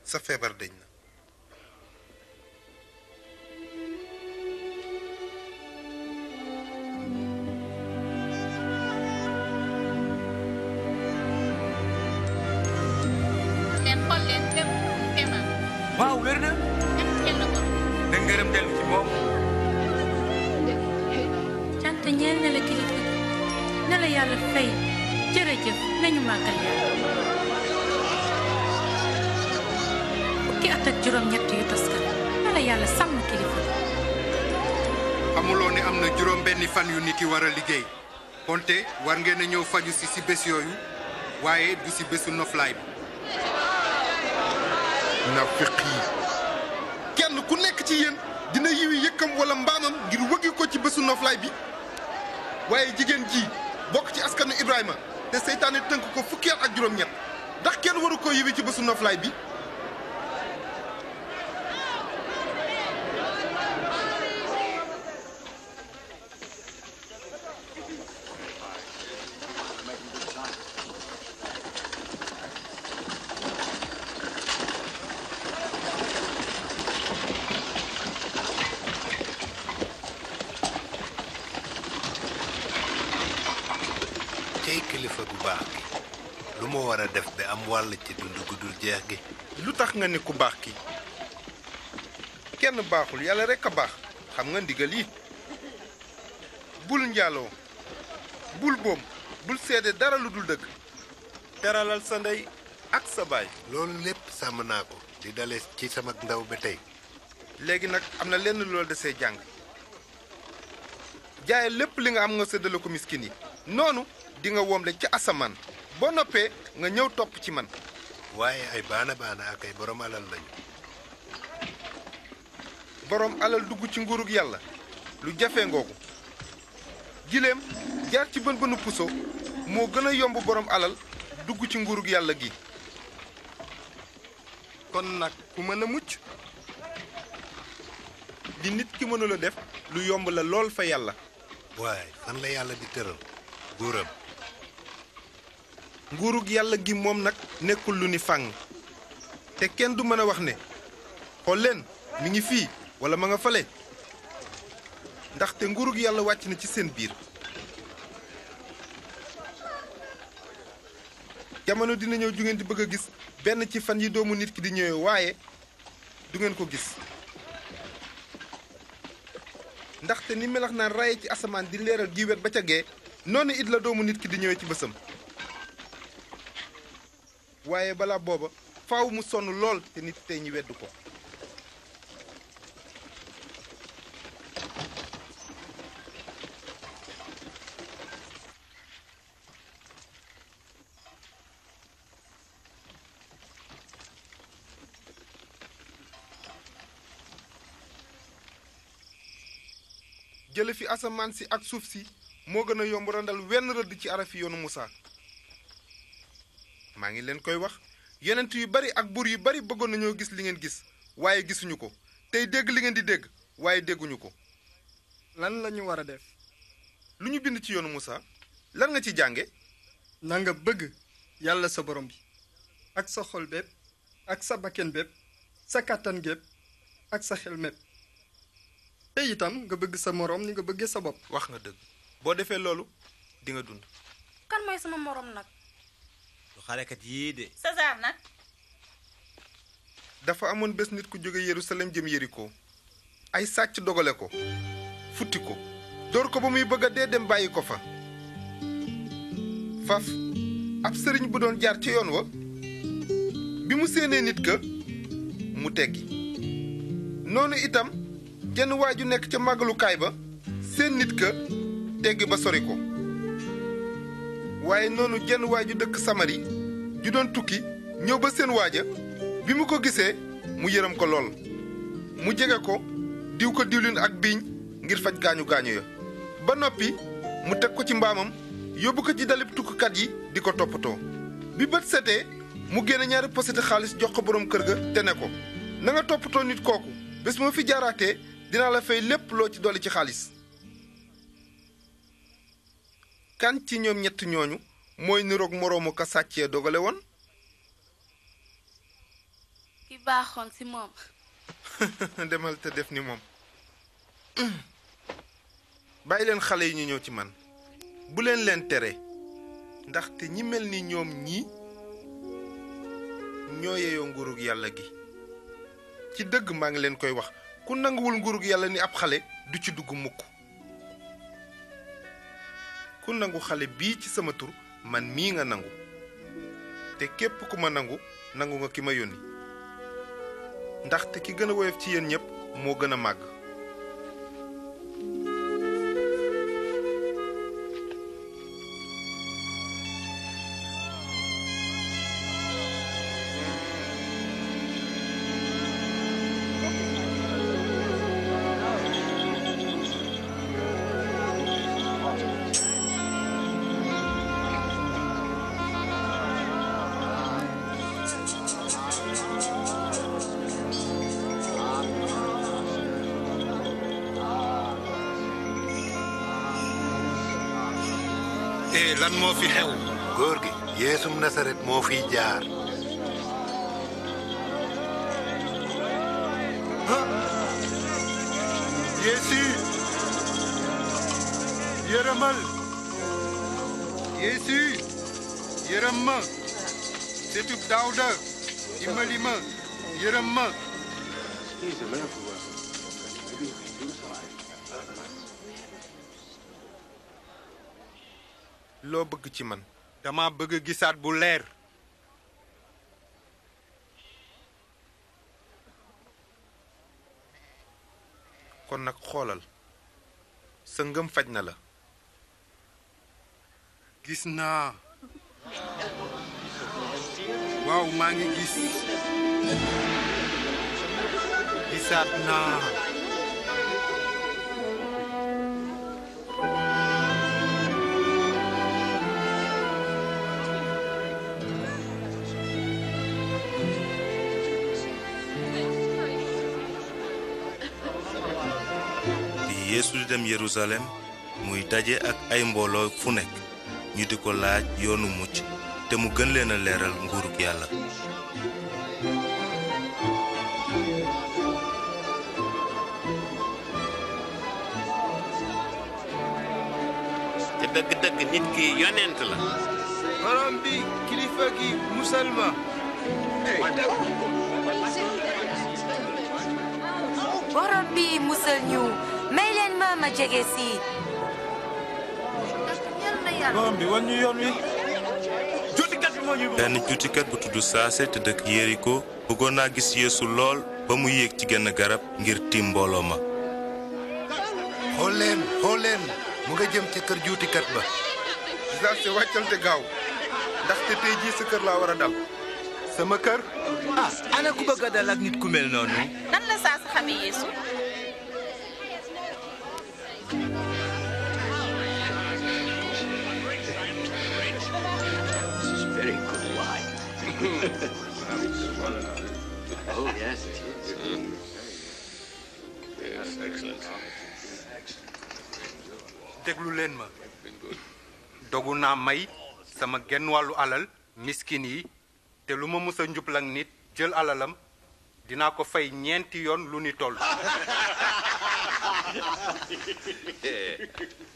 sa feebar dañ na war ngeen a ñëw faju si si bés yooyu waaye du si bésu noflaay bi. nafiq yi kenn ku nekk ci yéen dina yiwi yëkkam wala mbaamam ngir wëggi ko ci bésu noflaay bi waaye jigéen ji bokk ci askanu Ibrahima te seytaane tënk ko fukki at ak juróom-ñett ndax kenn waru ko yiwi ci bésu noflaay bi. Sall ci dund gudul jeex gi lu tax nga ne ku baax ki kenn baaxul yàlla rekk a baax xam nga ndigal yi bul njaaloo bul boom bul seede dara lu dul dëgg teralal sa ndey ak sa baay loolu lépp sàmm naa ko di dale ci samag ndaw ba tey léegi nag am na lenn loolu desee jàng jaaye lépp li nga am nga séddale ko miskin yi noonu di nga womle asamaan boo noppee nga ñëw topp ci man waaye ay baana baana ak ay boroom alal lañu borom alal dugg ci nguurug yàlla lu jafe ngoogu giléem jaar ci bën bënu puso moo gën a yomb borom alal dugg ci nguurug yàlla gi kon nag ku mën a mucc di nit ki mënula def lu yomb la lool fa yàlla waay fan la yàlla di tëral góoram nguurug yàlla gi moom nag nekkul lu ni fànn te kenn du mën a wax ne xool leen mi ngi fii wala ma nga fale ndaxte nguurug yàlla wàcc na ci seen biir jamono dina ñëw ju ngeen di bëgg a gis benn ci fan yi doomu nit ki di ñëwee waaye du ngeen ko gis ndaxte ni melax naan raye ci asamaan di leeral gi wet ba ca gee noonu it la doomu nit ki di ñëwee ci bësam waaye bala booba faw mu sonn lool te nit tey ñi weddu ko jël fi asamaan si ak suuf si moo gën a yomb randal wenn rëdd ci arafi yoonu Musaa maa ngi leen koy wax yonent yu bari ak buur yu bari bëggoon nañoo gis li ngeen gis waaye gisuñu ko tey dégg li ngeen di dégg waaye dégguñu ko. lan lañu ñu war a def. lu ñu bind ci yoonu Musaa lan nga ci jànge na bëgg yàlla sa borom bi ak sa xol bépp ak sa bakken bépp sa kàttan gépp ak sa xel mépp te itam nga bëgg sa moroom ni nga bëggee sa bopp. wax nga dëgg boo defee loolu di nga dund. kan mooy sama moroom nag. xarekat yii de César nag dafa amoon bés nit ku jóge Yerusalem jëm Yeriko ay sàcc dogale ko futti ko dóor ko ba muy bëgg a dee dem bàyyi ko fa faf ab sëriñ bu doon jaar ci yoon wa bi mu séenee nit ka mu teggi noonu itam jenn waa ju nekk ca màggalukaay ba séen nit ka teggi ba sori ko waaye noonu jenn waa ju dëkk Samari ju doon tukki ñëw ba seen waaja bi mu ko gisee mu yërëm ko lool mu jege ko diw ko diwlin ak biiñ ngir faj gaañu gaañu ya ba noppi mu teg ko ci mbaamam yóbbu ko ci dalib tukkikat yi di ko toppatoo bi bët setee mu génne ñaari posete xaalis jox ko boroom kër ga te ne ko na nga toppatoo nit kooku bés moo fi jaaraatee dinaa la fay lépp loo ci dolli ci xaalis kan ci ñoom ñooñu mooy niroog moroomu ka sàccee dogale woon ki baaxoon ci moom demal te def ni moom bàyyi leen xale yi ñu ñëw ci man bu leen leen tere ndaxte ñi mel ni ñoom ñii ñoo yeyoo nguurug yàlla gi ci dëgg maa ngi leen koy wax ku nanguwul nguurug yàlla ni ab xale du ci dugg mukk ku nangu xale bii ci sama tur man mii nga nangu te képp ku ma nangu nangu nga ki ma yónni ndaxte ki gën a woyof ci yéen ñépp moo gën a màgg lan moo fi xew. gi yeesum nasaret moo fiy jaar. yeesi yërëmal yeesi yërëm ma setub Daawda dimbali ma yërëm loo bëgg ci man dama bëgg gisaat bu leer kon nag xoolal sa ngëm faj na la gis naa waaw maa ngi gis gisaat naa su di dem Yerusalem muy daje ak ay mbooloo fu nekk ñu di ko laaj yoonu mucc te mu gën leen a leeral nguur yàlla te bi kilifa gi musalma borom bi musal ñu may ma benn juutikat bu tudd saase te dëkk Yeriko bëggoon naa gis yéesu lool ba mu yéeg ci genn garab ngir tiim mbooloo ma. xool leen xool leen mu nga jëm ca kër juutikat ba. saase wàccal te gaaw ndaxte tey jii sa kër laa war a dal. sama kër. ah ana ku dal ak nit ku mel noonu. nan la saase xamee yeesu. oh, leen ma dogu naa may sama genn wàllu alal miskin yi te lu ma mës a nit jël alalam dinaa ko fay ñeenti yoon lu ni toll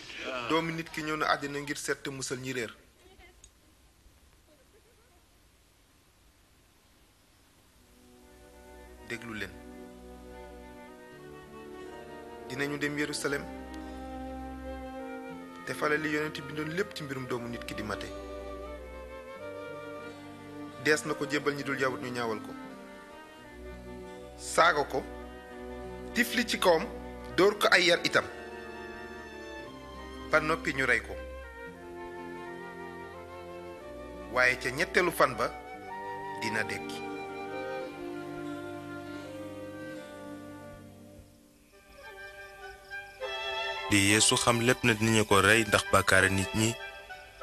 doomi nit ki ñëw na àddina ngir seet musal ñi réer déglu leen dinañu dem Yerusalem te fale li yonent bi lépp ci mbirum doomu nit ki di mate dees na ko jébbal ñi dul yawut ñu ñaawal ko saaga ko tifli ci kawam dóor ko ay yar itam ba noppi ñu rey ko waaye ca ñetteelu fan ba dina dekki li yéesu xam lépp na dinañu ko rey ndax bàkkaari nit ñi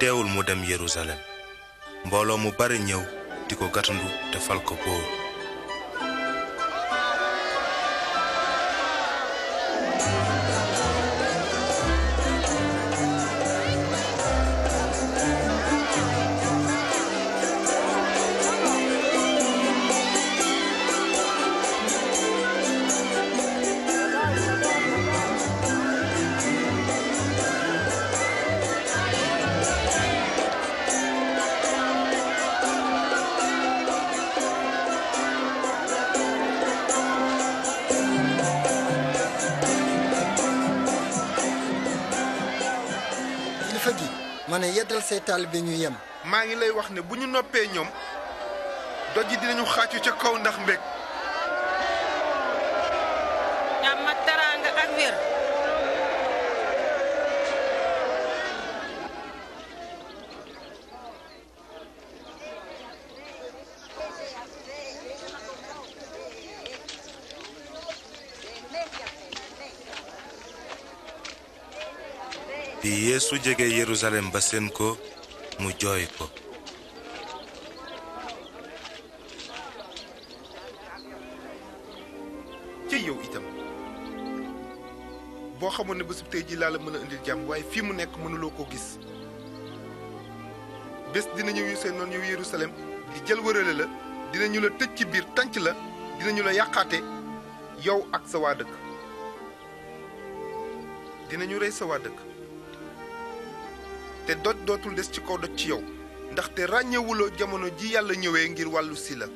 teewul mu dem yerusalem mbooloo mu bare ñëw di ko gatandu te fal ko bóor ma ne yeddal say taalibe yem maa ngi lay wax ne bu ñu noppee ñoom doj yi dinañu xàccu ca kaw ndax mbég su jegee Yerusalem ba seen ko mu jooy ko ci yow itam boo xamoon ne bésub tey ji laa mën a indil jàmm waaye fii mu nekk mënuloo ko gis bés dina yu seen noonu yow Yerusalem di jël wërale la dinañu la tëj ci biir tànc la dinañu la yàqaate yow ak sa waa dëkk dinañu rey sa waa dëkk te doj dootul des ci kaw doj ci yow ndaxte ràññewuloo jamono ji yàlla ñëwee ngir wàllu si la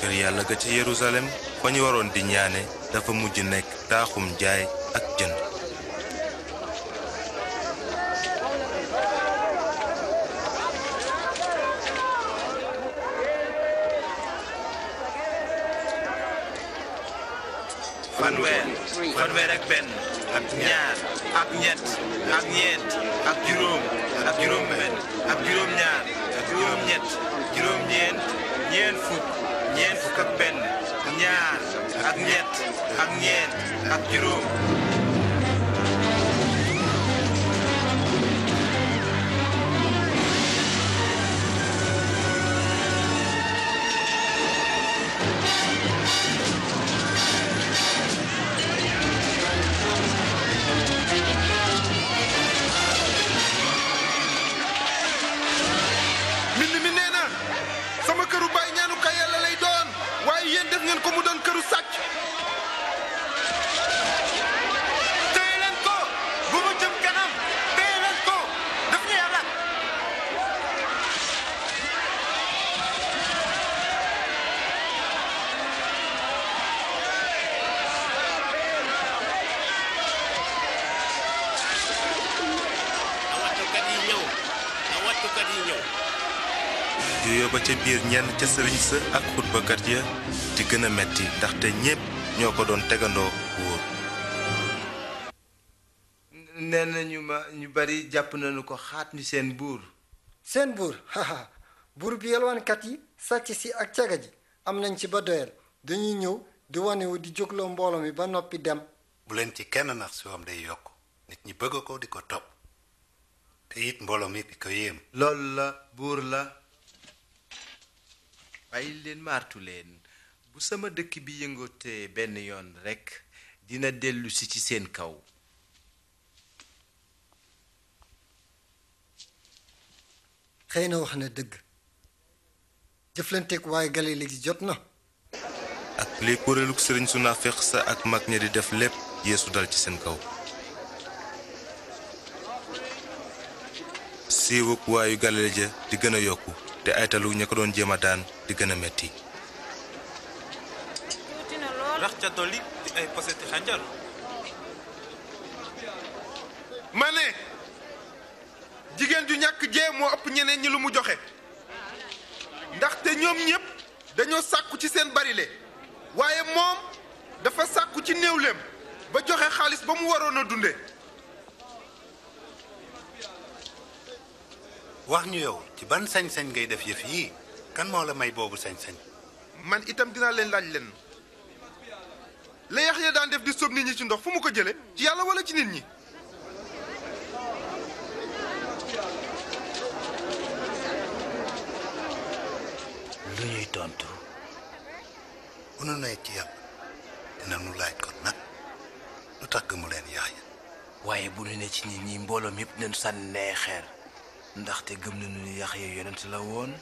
kër yàlla ga ci Yerusalem fa ñu waroon di ñaane dafa mujj nekk taaxum jaay ak jënd fanweer ak benn ak ñaar ak ñett ak ñeent ak juróom ak juróom ñaar ak juróom ñett juróom ñeent ñeent fukk ñeent fukk ñaar ak ñett ak ñeent ak juróom ca sëriñ sa ak xutbakat ya di gën a metti ndaxte ñépp ñoo ko doon tegandoo wóor nee nañu ma ñu bari jàpp nañu ko xaat ñu seen buur seen buur buur bi yalwaankat yi sàcc si ak caga am nañ ci ba doyal dañuy ñëw di wanewu di jógloo mbooloo mi ba noppi dem bu leen ci kenn nax si wam day yokk nit ñi bëgg ko di ko topp te it mbooloo mi di ko yéem loolu la buur la bàyyi leen leen bu sama dëkk bi yëngootee benn yoon rekk dina dellusi ci seen kaw xëy na wax na dëgg jëflanteek waaye Galile jot na ak li kuréelug sëriñ su naafeq sa ak mag ña di def lépp yéesu dal ci seen kaw siiwug waayu Galile ja di gën a yokku te aytalu ña ko doon jéem a daan gën a métti. tuuti na rax ca dolli ci ay poseti xànjar. ma ne jigéen ju ñàkk jee moo ëpp ñeneen ñi lu mu joxe ndaxte ñoom ñëpp dañoo sàkku ci seen barile waaye moom dafa sàkku ci néewleem ba joxe xaalis ba mu waroon a dunde wax ñu yow ci ban sañ-sañ ngay def yëf yii kan moo la may boobu sañ-sañ. man itam dinaa leen laaj leen la yax ya daan def di sóob nit ñi ci ndox fu mu ko jële ci yàlla wala ci nit ñi. lu ñuy tontu. bu nu nee ci yàlla dina nu laaj ko nag lu tax mu leen yax waaye bu nu ne ci nit ñi mbooloom yëpp leen sànni nee xeer ndaxte gëm nañu ne yax ya la woon.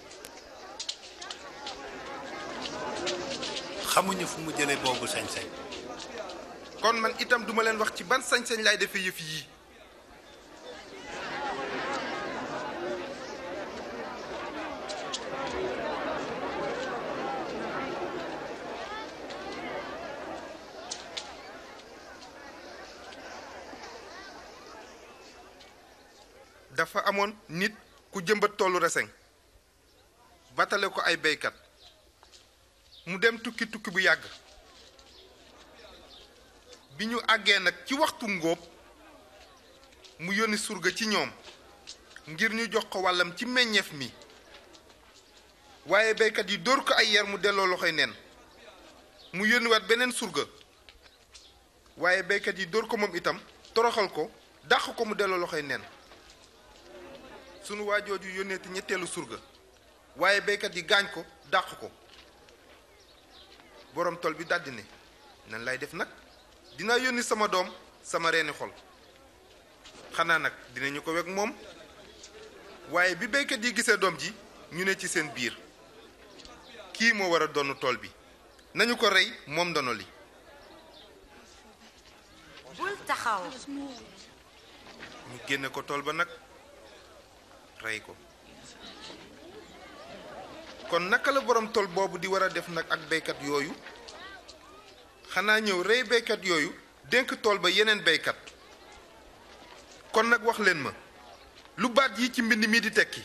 xamuñu fu mu jëlee boobu sañ kon man itam duma leen wax ci ban sañ-sañ laay defee yëf yii. dafa amoon nit ku jëmbat toolu reseñ batale ko ay beykat mu dem tukki tukki bu yàgg bi ñu àggee nag ci waxtu ngóob mu yónni surga ci ñoom ngir ñu jox ko wàllam ci meññeef mi waaye baykat yi dóor ko ay yar mu delloo loxoy neen mu yónniwaat beneen surga waaye baykat yi dóor ko moom itam toroxal ko dàq ko mu delloo loxoy neen sunu waa waajooju yónneeti ñetteelu surga waaye baykat yi gaañ ko dàq ko boroom tool bi daldi ne nan lay def nag dinaa yónni sama doom sama reeni xol xanaa nag dinañu ko weg moom waaye bi béykat yi gisee doom ji ñu ne ci seen biir kii moo war a donn tool bi nañu ko rey moom ndono li bul ko tool ba nag rey ko kon naka la borom tool boobu di war a def nag ak béykat yooyu xanaa ñëw rey béykat yooyu dénk tool ba yeneen béykat kon nag wax leen ma lu baat yi ci mbind mi di tekki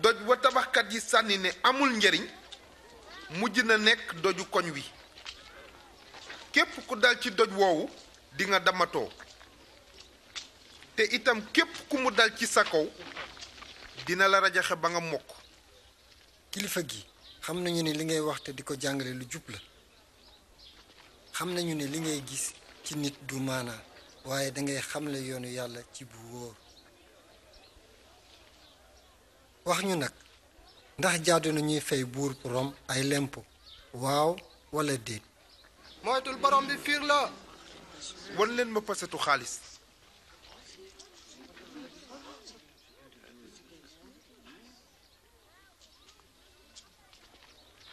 doj wa tabaxkat yi sànni ne amul njariñ mujj na nekk doju koñ wi képp ku dal ci doj woowu dinga damatoo te itam képp ku mu dal ci sa kaw dina la rajaxe ba nga mokk kilifa gi xam nañu ne li ngay wax te di ko jàngale lu jub la xam nañu ne li ngay gis ci nit du maanaa waaye dangay xamle yoonu yàlla ci bu wóor wax ñu nag ndax jaadu na ñuy fay buur bu Rom ay lempo waaw wala déet moytul borom bi fiir la wan ma pasetu xaalis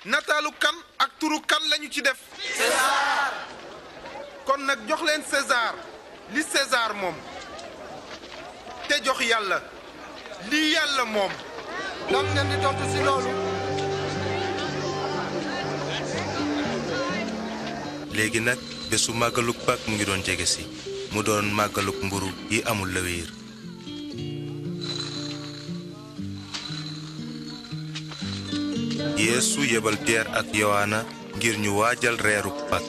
nataalu kan ak turu kan lañu ci def César kon nag jox leen César li César moom te jox yàlla lii yàlla moom lan ngeen di tontu ci loolu léegi nag bésu màggaluk Pâques mu ngi doon jege si mu doon màggaluk mburu yi amul lëwéer yeesu yebal piyeer ak yowaana ngir ñu waajal reeru pak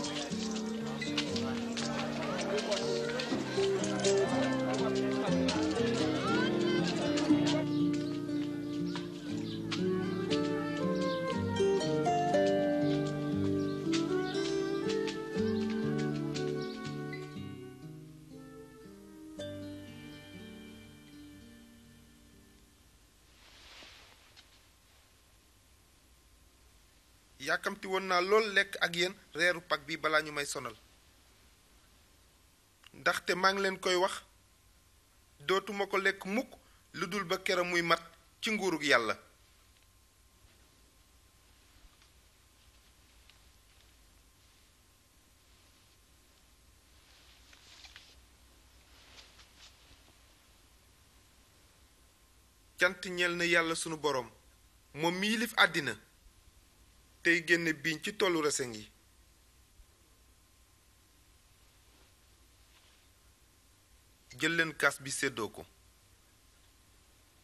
lool lekk ak yéen reeru Pâques bi balaa ñu may sonal ndaxte maa ngi leen koy wax dootuma ko lekk mukk lu dul ba kera muy mat ci nguurug yàlla cant ñeel yàlla sunu boroom moom mi àddina tey génne biiñ ci tollu reseñ gi jël leen kaas bi seddoo ko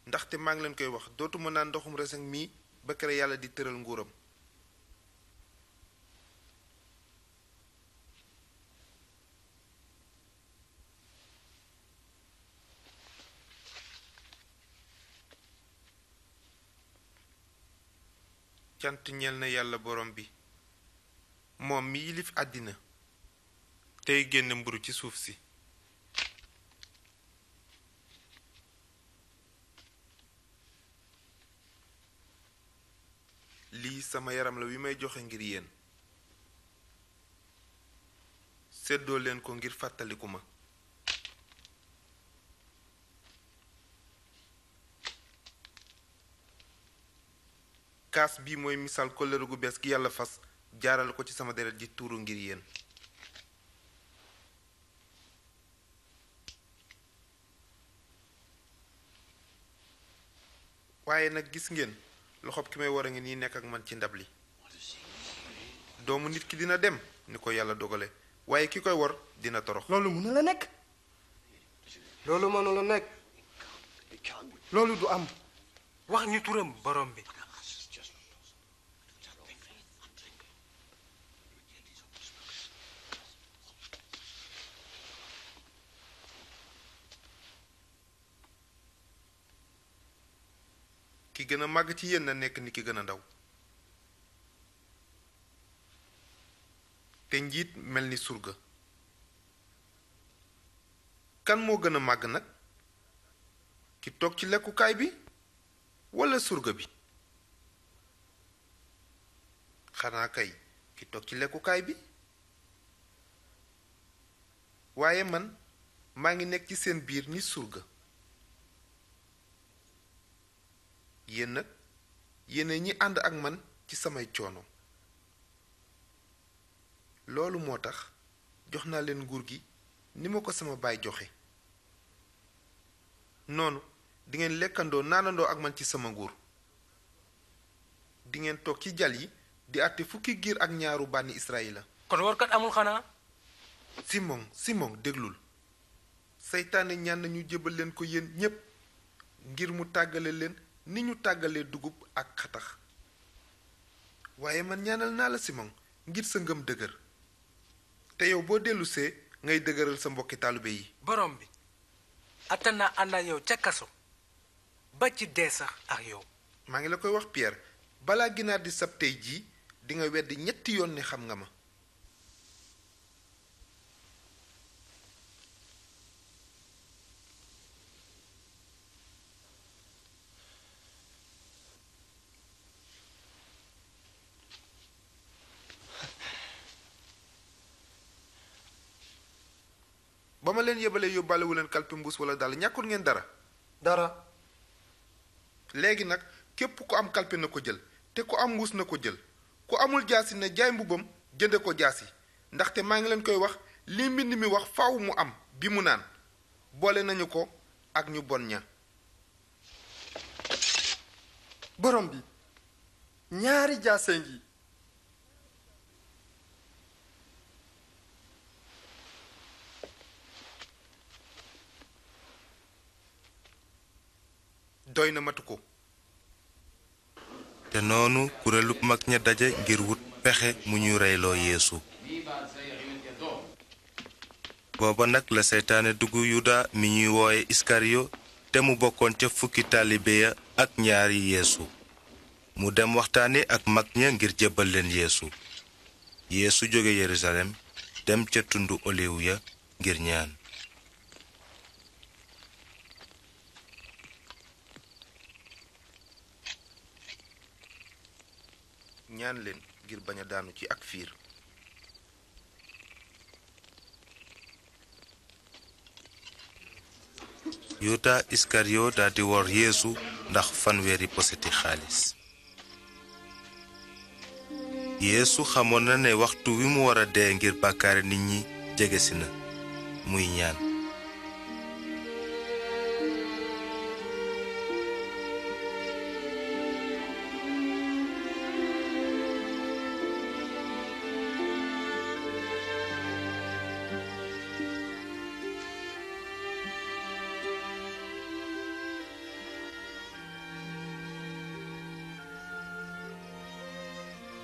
ndaxte maa ngi leen koy wax dootuma naan ndoxum reseñ mii ba kër yàlla di tëral nguuram cant ñel na yàlla borom bi moom mi yilif àddina tey génn mburu ci suuf si lii sama yaram la wi may joxe ngir yéen seddoo leen ko ngir fàttaliku ma kaas bii mooy misaal kóllëre gu bees gi yàlla fas jaarale ko ci sama deret ji tuuru ngir yéen waaye nag gis ngeen loxob ki may war a ngi nii nekk ak man ci ndab li doomu nit ki dina dem ni ko yàlla dogale waaye ki koy war dina torox loolu mun na la nekk loolu mënu la nekk loolu du am wax ñu turam borom bi ki gën a màgg ci yéen na nekk ni ki gën a ndaw te njiit mel ni surga kan moo gën a màgg nag ki toog ci lekkukaay bi walla surga bi xanaa kay ki toog ci lekkukaay bi waaye man maa ngi nekk ci seen biir ni surga yéen nag yéene ñi ànd ak man ci samay coono loolu moo tax jox naa leen nguur gi ni ma ko sama baay joxe noonu dingeen lekkandoo naanandoo ak man ci sama nguur dingeen toog ci jal yi di àtte fukki giir ak ñaaru bànni la kon warkat amul xanaa Simon Simon déglul seytaane ñaan nañu jébal leen ko yéen ñépp ngir mu tàggale leen ni ñu tàggalee dugub ak xatax waaye man ñaanal naa la Simon ngir sa ngëm dëgër te yow boo dellusee ngay dëgëral sa mbokki taalibe yi borom bi attan naa ànd ak yow ca kaso ba ci dee sax ak yow maa ngi la koy wax Pierre balaa ginaar di sab tey jii dinga nga ñetti yoon ni xam nga ma ba ma leen yebalee yóbbaalewu leen kalpe mbuus wala dàll ñàkkul ngeen dara. dara. léegi nag képp ku am kalpe na ko jël te ko am mbuus na ko jël ku amul jaasi ne jaay mbubam jënde ko jaasi ndaxte maa ngi leen koy wax li mbind mi wax faw mu am bi mu naan boole nañu ko ak ñu bon ña. borom bi ñaari jaase ngi. doy na matu te noonu kuréelu mag ña daje ngir wut pexe mu ñu reyloo yeesu booba nag la seytaane dugg yuda mi ñuy wooye iskariyo te mu bokkoon ca fukki taalibe ya ak ñaari yéesu mu dem waxtaane ak mag ña ngir jëbal leen yéesu yéesu jóge yerusalem dem ca tundu oliw ya ngir ñaan ñaan leen ngir bañ a daanu ci ak fiir yuuta iskariyo daldi wor yeesu ndax fanweeri poseti xaalis yéesu xamoon na ne waxtu wi mu war a dee ngir bàkkaari nit ñi jege si na muy ñaan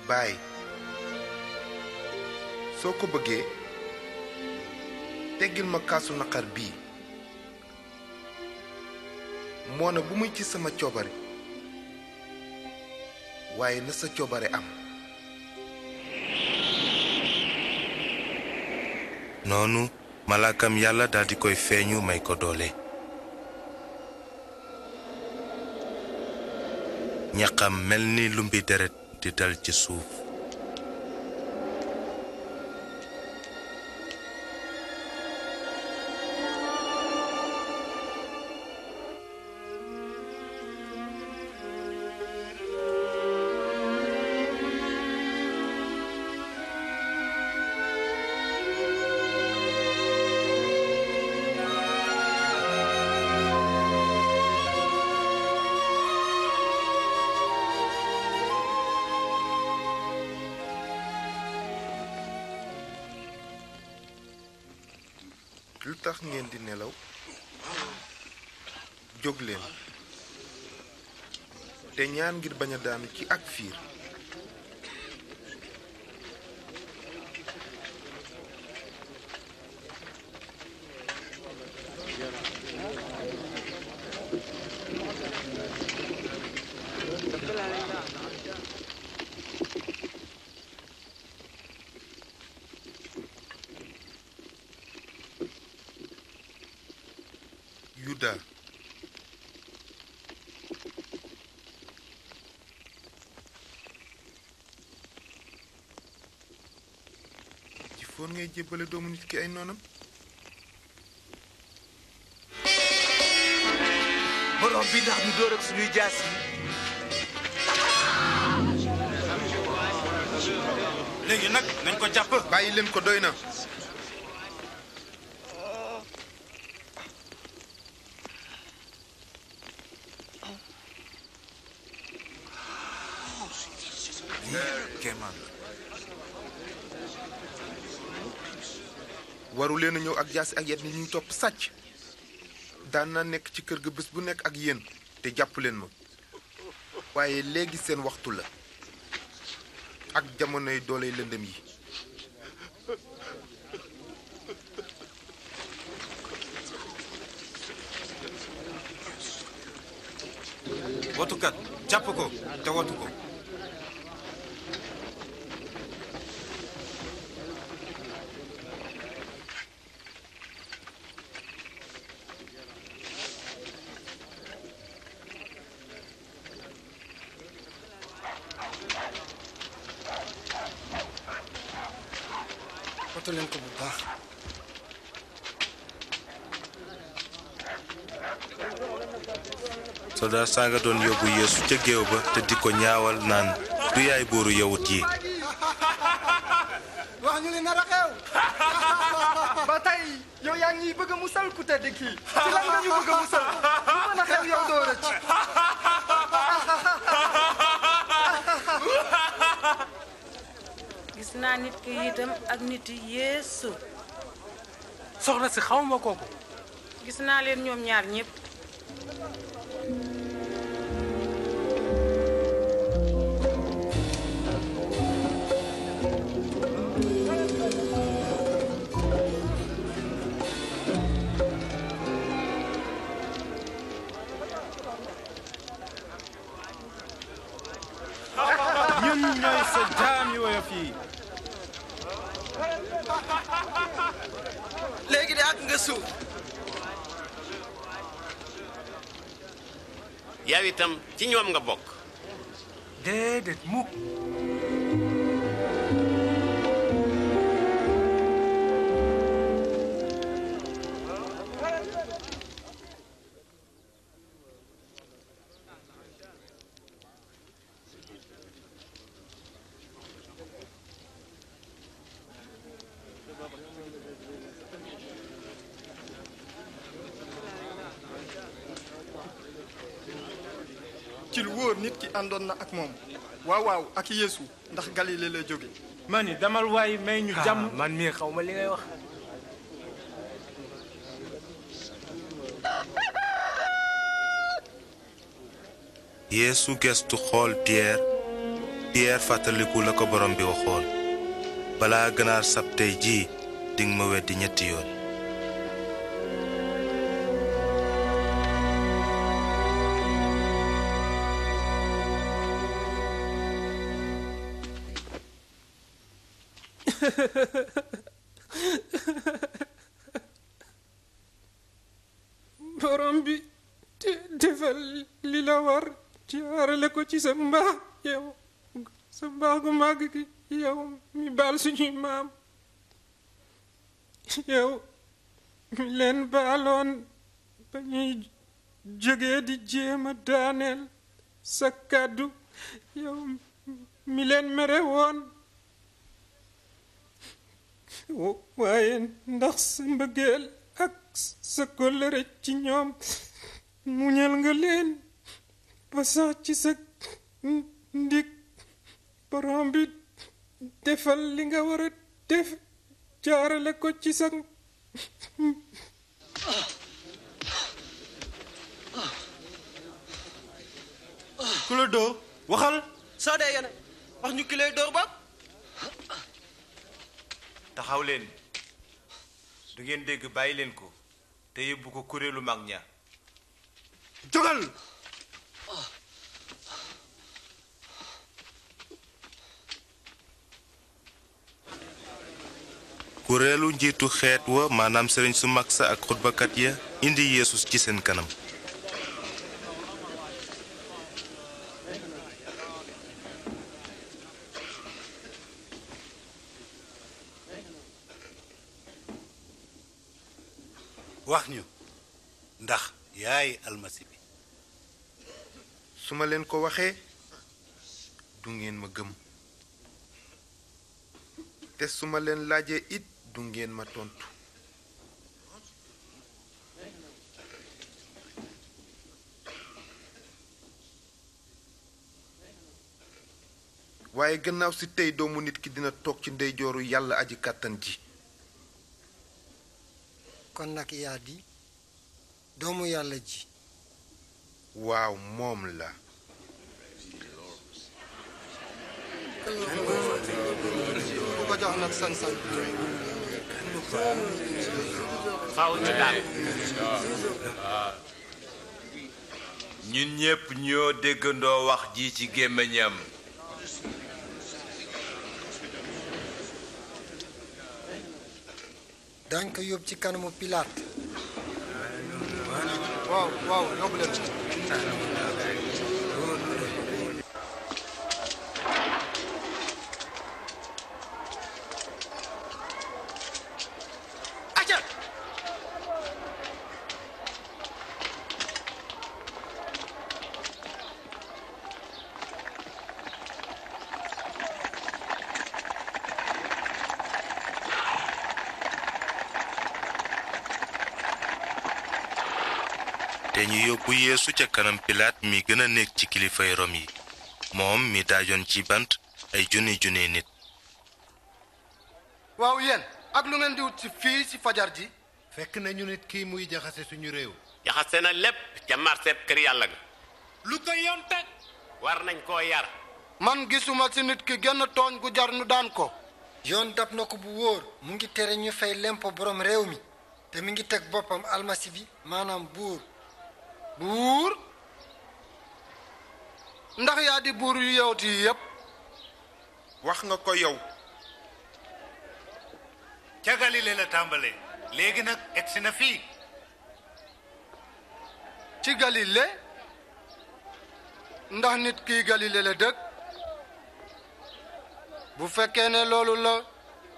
baay soo ko bëggee teggil ma kaasu naqar bii moo ne bu muy ci sama coobare waaye na sa coobare am noonu malaakam yàlla daldi koy feeñu may ko doole ñaqam mel ni lumbi deret di dal ci suuf lu tax ngeen di nelaw jóg leen te ñaan ngir bañ a daanu ci ak fiir jébbale doomu nit ki ay noonam borom bi ndax du dóor ak suñuy jaas yi léegi nag nañ ko jàpp bàyyi leen ko doy na leen a ak jaasi ak yet ni topp sàcc daan naa nekk ci kër ga bés bu nekk ak yéen te jàpp leen ma waaye léegi seen waxtu la ak jamonoy dooley lëndëm yi watukat jàpp ko te watu ko saa nga doon yóbbu yeesu ca géew ba te di ko ñaawal naan du yaay buuru yawut yi wax ñu li nar a xew ba tey yow yaa ngi bëgg musal ku tedd kii gis naa nit ki itam ak nit yi yeesu soxna si xaw ma kooku gis naa leen ñoom ñaar ñëpp wóor nit àndoon na ak moom waaw ak yeesu ndax Galile la jóge ma ni damal ñu jàmm ah, man mii xaw gestu xool Pierre Pierre fàttaliku la ko borom bi waxoon balaa ganaar sab tey jii dinga ma weddi ñetti yoon borom bi te defal li la war jaarale ko ci sa mbaax gu màgg gi yow mi baal suñuy maam yow mi leen baaloon ba ñuy jógee di jéem a daaneel kàddu yow mi leen mere woon waaye ndax sa mbëggeel ak sa kóllëre ci ñoom muñal nga leen ba sax ci sa ndig borom defal li nga war def jaarale ko ci sa ku la dóor waxal soo dee yone wax ñu ki lay ba taxaw du ngeen dégg bàyyi leen ko te yóbbu ko kuréelu mag ña jógal njiitu xeet wa maanaam sëriñ su mag sa ak xutbakat ya indi yeesus ci seen kanam wax ñu ndax yaay almasi bi su ma leen ko waxee du ngeen ma gëm te su ma leen laajee it du ngeen ma tontu waaye gannaaw si tey doomu nit ki dina toog ci ndeyjooru yàlla aji kàttan ji kon nag yaa doomu yàlla ji waaw moom la ku san ñun ñépp ñoo déggandoo wax ji ci gémmiñam dañ ko yóbbu ci kanamu Pilate waaw waaw yóbbu leen gëstu ca kanam pilaat mi gën a nekk ci kilifay rom yi moom mi daajoon ci bant ay junni junni nit waaw yéen ak lu ngeen di wut ci fii ci fajar ji fekk nañu nit kii muy jaxase suñu réew jaxase na lépp ca marché kër yàlla ga lu ko yoon teg war nañ koo yar man gisuma ci nit ki genn tooñ gu jar nu daan ko yoon dab na ko bu wóor mu ngi tere ñu fay lempo boroom réew mi te mi ngi teg boppam almasi bi maanaam buur buur ndax yaa di buur yu yowti yi yépp wax nga ko yow ca Galile la tàmbalee léegi nag egsi na fii ci Galile ndax nit kii Galile la dëkk bu fekkee ne loolu la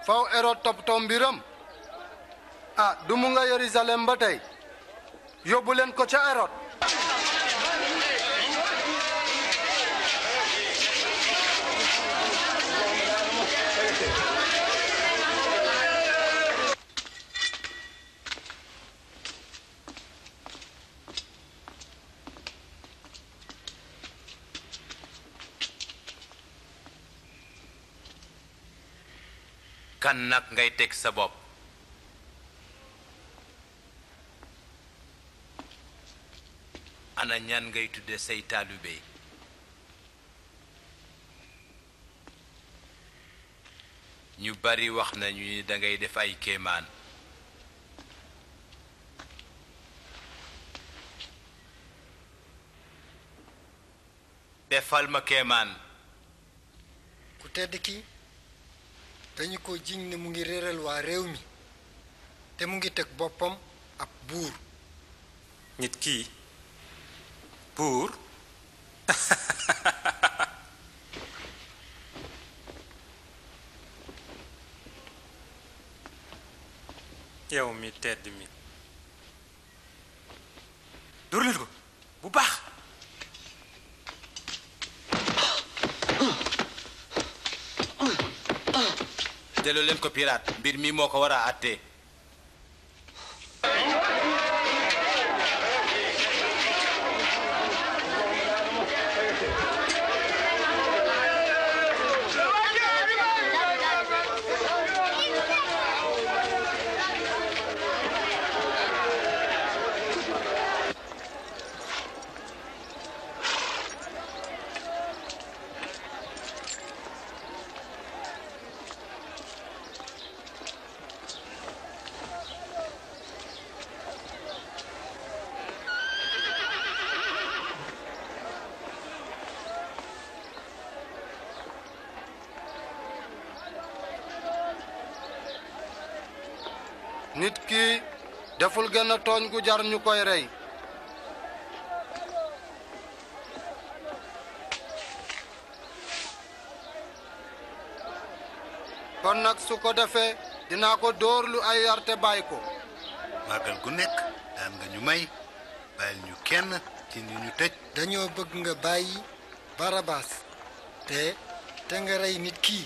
faw Hérode toppatoo mbiram ah du mu nga Yerusalem ba tey yóbbu leen ko ca Hérode kan nag ngay teg sa bopp ana ngay tudde say taalibe ñu bari wax nañu ni dangay def ay kéemaan defal ma kéemaan ku dañu ko jiñ ni mu ngi réeral waa réew mi te mu ngi teg boppam ab buur nit kii buur yow mi tedd mi dóor leen ko bu baax delloo leen ko piraat mbir mi moo ko war a àttee gën a tooñ gu jar ñu kon nag su ko defee dinaa ko dóorlu ay yar te bàyyi ko màggal gu nekk daan nga ñu may bàyyil ñu kenn ci ni ñu tëj dañoo bëgg nga bàyyi barabas te te nga rey nit kii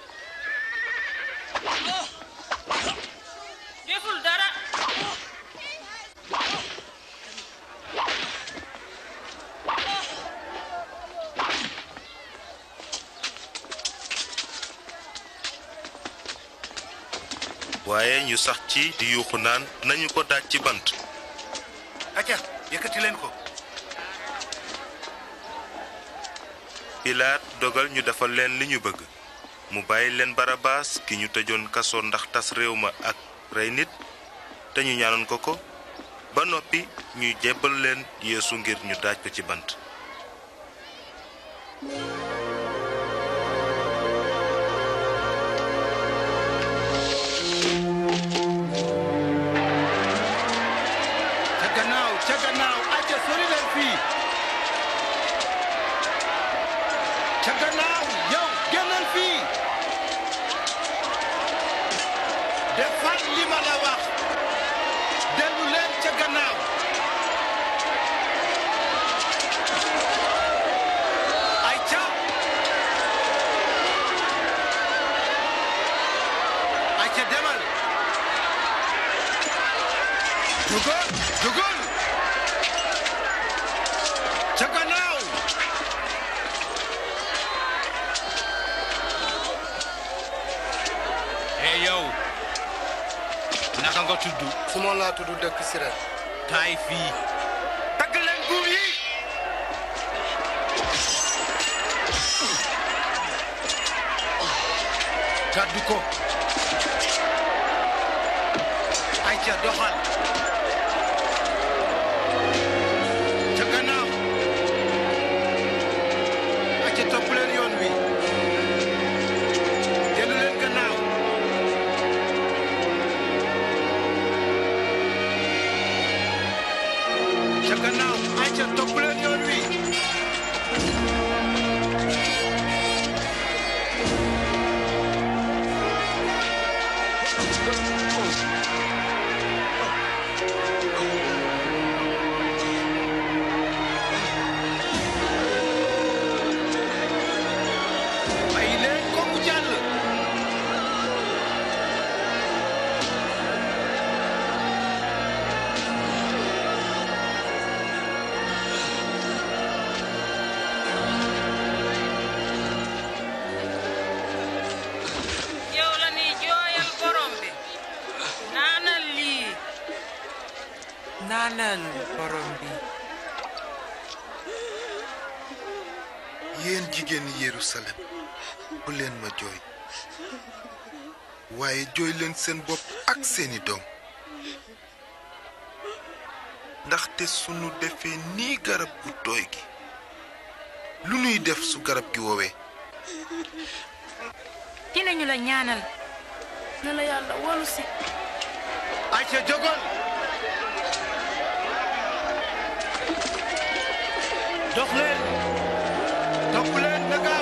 ñu sax ci di yuuxu naan nañu ko daaj ci bant. acca yëkkati leen ko. Pilaat dogal ñu defal leen li ñu bëgg mu bàyyi leen Barabaas ki ñu tëjoon kaso ndax tas réew ma ak rey nit te ñu ñaanoon ko ko ba noppi ñu jëbal leen Yeesu ngir ñu daaj ko ci bant. jooy leen seen bopp ak seeni doom ndaxte sunu defee nii garab gu tooy gi lu nuy def su garab gi woowee dinañu la ñaanal na la yàlla wolu si ayca jógal dox leen topp leen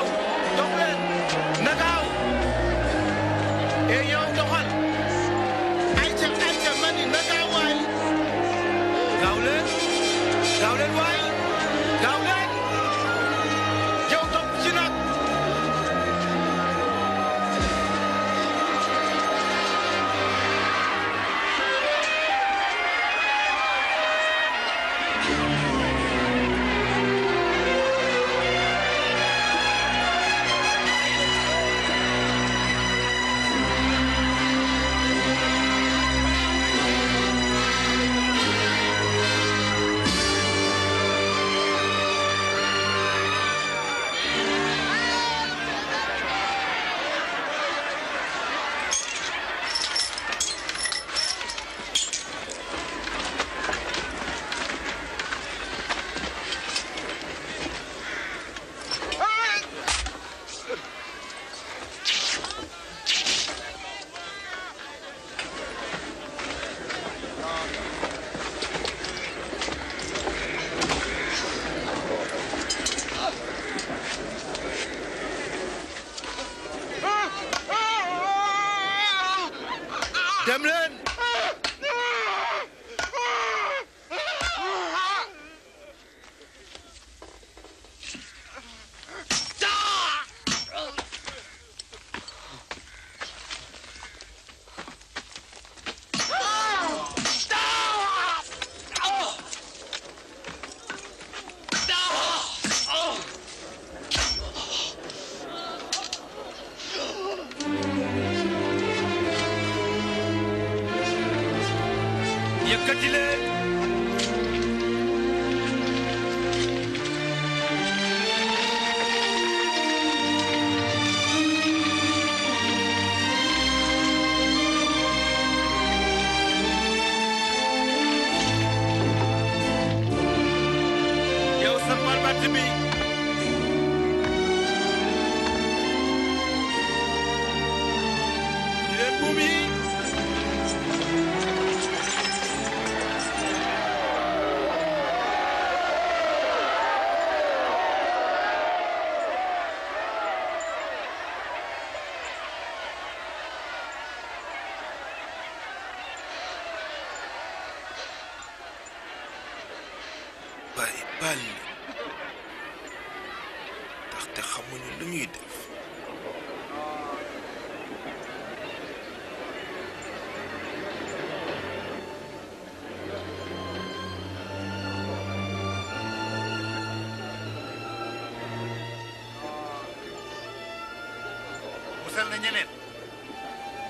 fal na ñeneen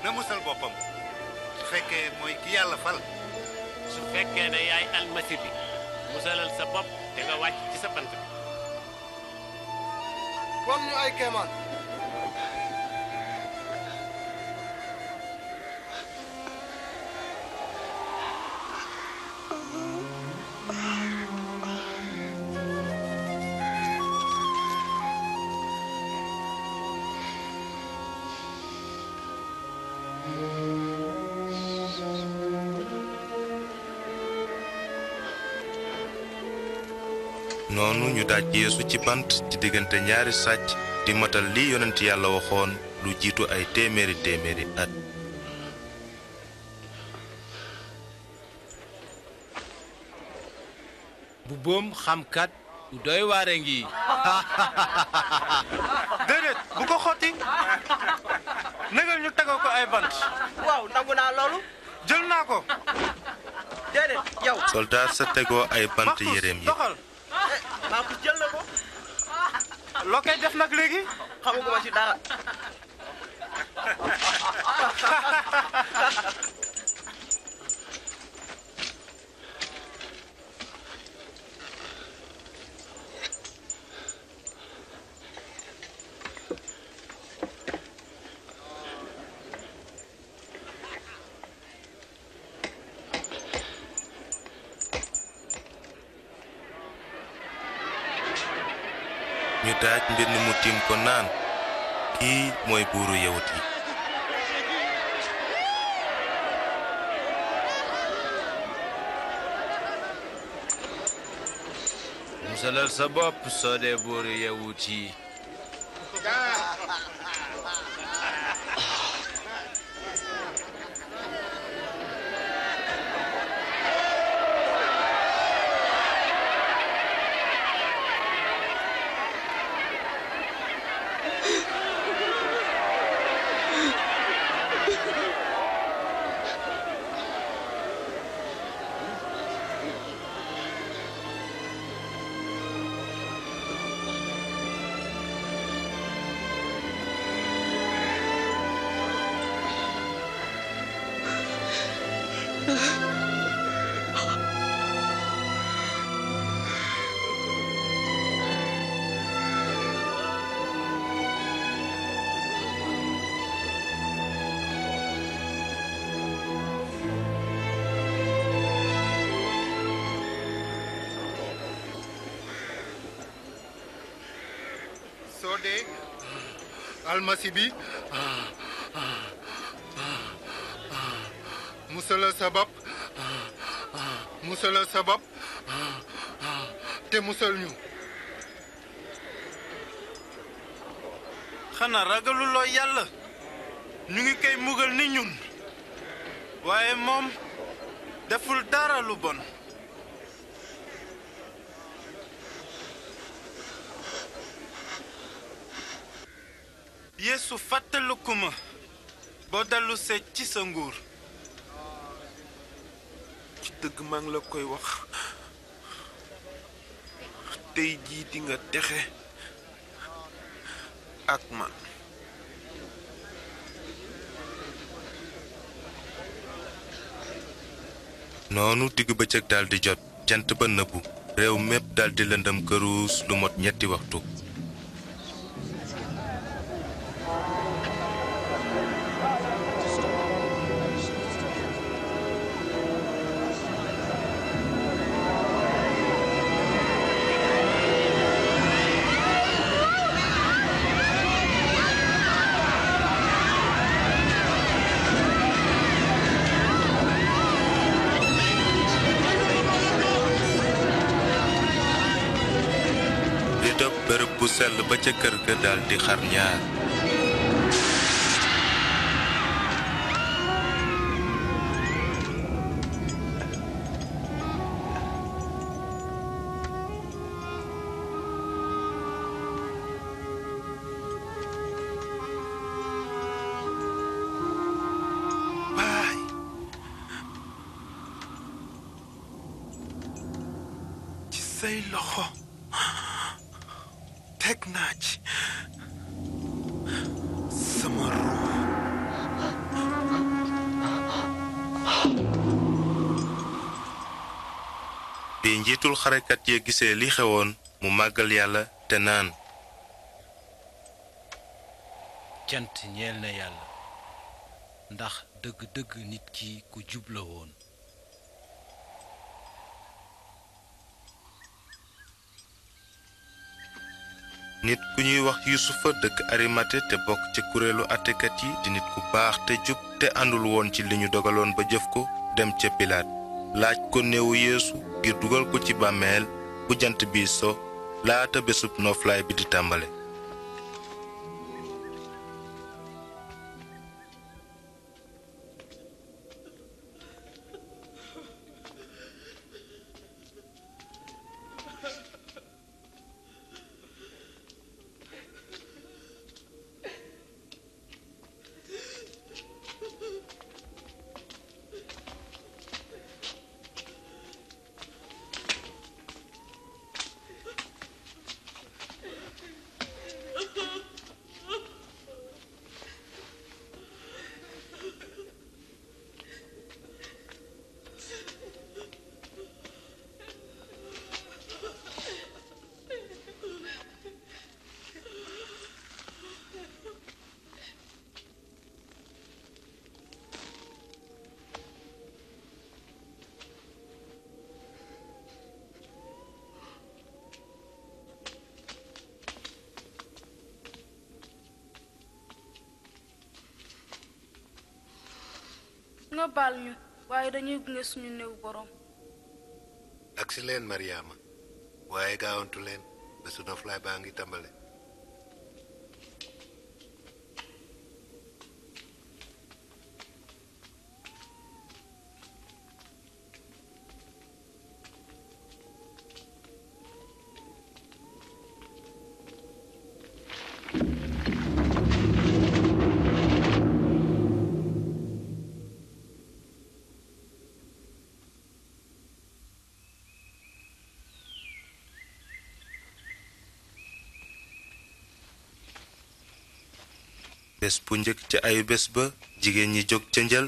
na musal boppam su mooy ki yàlla fal su fekkee ne yaay almasi bi musalal sa te nga wàcc ci sa bi won ay keemaan noonu ñu daaj yeesu ci bant ci diggante ñaari sàcc di matal li yonent yàlla waxoon lu jiitu ay téeméeri téeméeri at bu boom xamkat lu doy waare ngi déedéet bu ko xotti nagal ñu tegoo ko ay bant waaw nangu naa loolu jël naa ko déedéet yow soldaat sa tegoo ay bant yéreem yi ah ku jël na ko. loo koy def nag léegi. xamaguma ci dara. di nga ko naan kii mooy buuru yawut yi sa bopp soo dee buuru yawut yi almasi bi musala sabab musala sabab te musal ñu xanaa ragaluloo yàlla ñu ngi koy mugal ni ñun waaye moom deful dara lu bon su fàttaliku ma boo dellu see ci sa nguur ci dëgg maa ngi la koy wax tey jii di nga texe ak man noonu ba bëccëg daldi jot jant ba nëbbu réew mépp daldi lëndëm këruus lu mot ñetti waxtu sell ba ca kër ga daal di xar ñaar jàngalekat ya gisee mu màggal yàlla te naan cant ñeel na ndax dëgg-dëgg nit ku ñuy wax yusufa dëkk arimate te bokk ca kuréelu àttekat yi di nit ku baax te jub te àndul woon ci li ñu dogaloon ba jëf ko dem ca pilaat laaj ko néewu yéesu ngir dugal ko ci bàmmeel bu jant bi so laata bésub noflaay bi di tàmbale baal ñu waaye dañuy agsi leen Mariama waaye gaawantu leen bésu noflaay baa ngi tàmbale bés bu njëkk ca ayu bés ba jigéen ñi jóg ca njël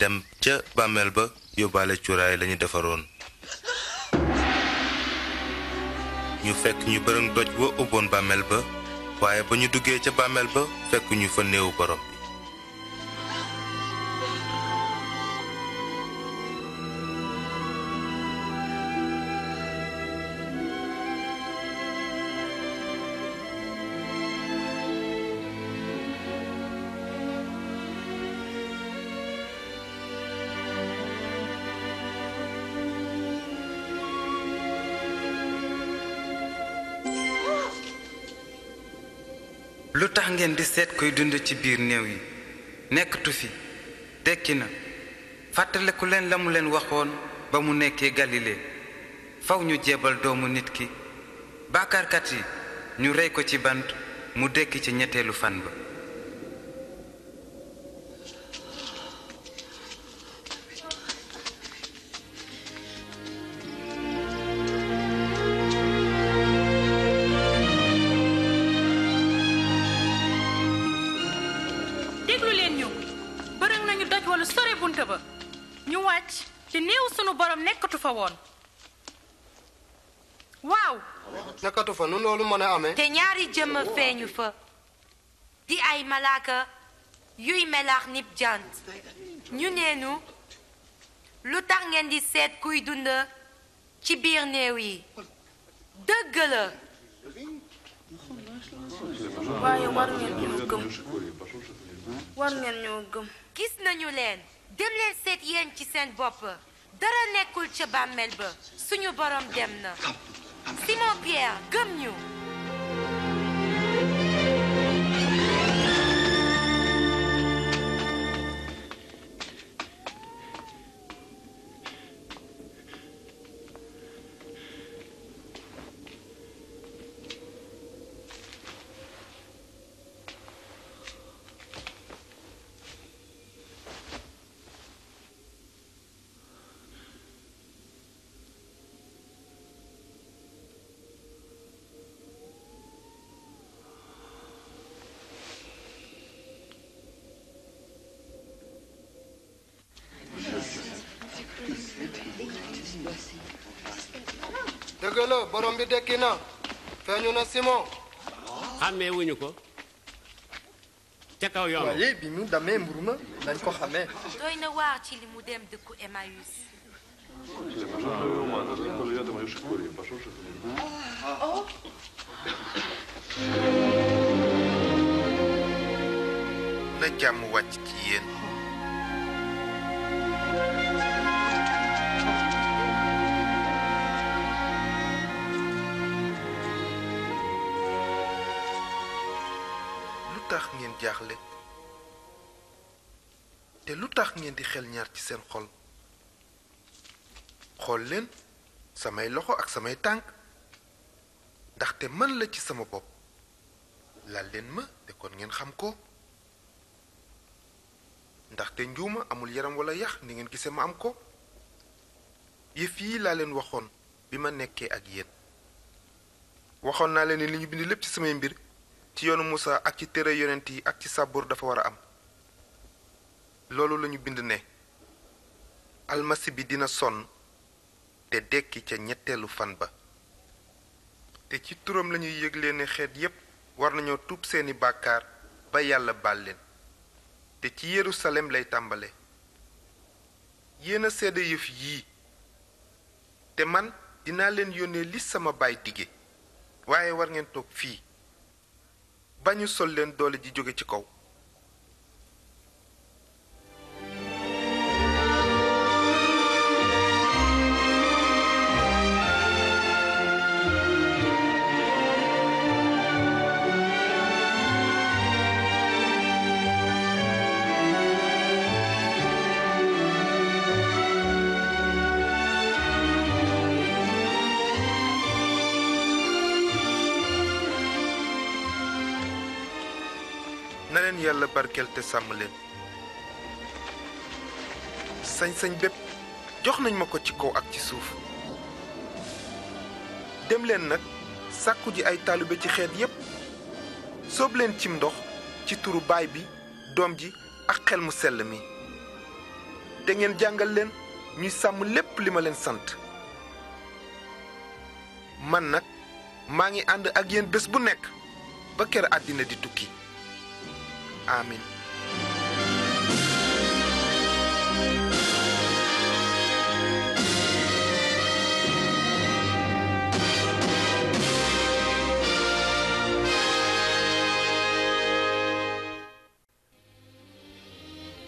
dem ca bàmmeel ba yóbbaale cuuraay lañu defaroon ñu fekk ñu bërëng doj wa ubboon bàmmeel ba waaye ba ñu duggee ca bammeel ba fekk ñu fa néewu borom ngeen di seet koy dund ci biir néew yi nekkatu fi dekki na fàttaliku leen la mu leen waxoon ba mu nekkee Galilée faw ñu jebal doomu nit ki bàkkaarkat yi ñu rey ko ci bant mu dekki ci ñetteelu fan ba mën te ñaari jëmm feeñu fa di ay malaaka yuy melax nib jant ñu neenu lu tax ngeen di seet kuy dund ci biir néew yi dëgg la gis nañu leen dem leen seet yéen ci seen bopp dara nekkul ca bàmmeel ba suñu borom dem na Simon Pierre gëm ñu dëgg la borom bi dekki na feeñu na Simon. xàmmee wuñu ko ca kaw yoon. waaye bi ñu damee mburu ma nañ ko xamee. doy na waar ci li mu dem dëkku Emmaüs. na wàcc ci yéen. ngeen jaaxle te lu tax ngeen di xel ñaar ci seen xol xool leen samay loxo ak samay tànk ndaxte man la ci sama bopp laal leen ma te kon ngeen xam ko ndaxte njuuma amul yaram walla yax ni ngeen gisee ma am ko yëf yi laa leen waxoon bi ma nekkee ak yéen waxoon naa leen ni li ñu bind lépp ci samay mbir ci yoonu Musaa ak ci téere yonent yi ak ci sàbbur dafa war a am loolu lañu bind ne almasi bi dina sonn te dekki ca ñetteelu fan ba te ci turam lañuy yëgle ne xeet yépp war nañoo tuub seeni bàkkaar ba yàlla baal leen te ci Yerusalem lay tàmbale yéen a seede yëf yii te man dinaa leen yónnee li sama baay dige waaye war ngeen toog fii ba ñu sol leen doole di jóge ci kaw na leen yàlla barkeel te sàmm leen sañ-sañ bépp jox nañ ma ko ci kaw ak ci suuf dem leen nag sàkku ji ay taalibe ci xeet yépp soob leen cim ndox ci turu baay bi doom ji ak xel mu sell mi te ngeen jàngal leen ñuy sàmm lépp li ma leen sant man nag maa ngi ànd ak yéen bés bu nekk ba kër àddina di tukki Amén.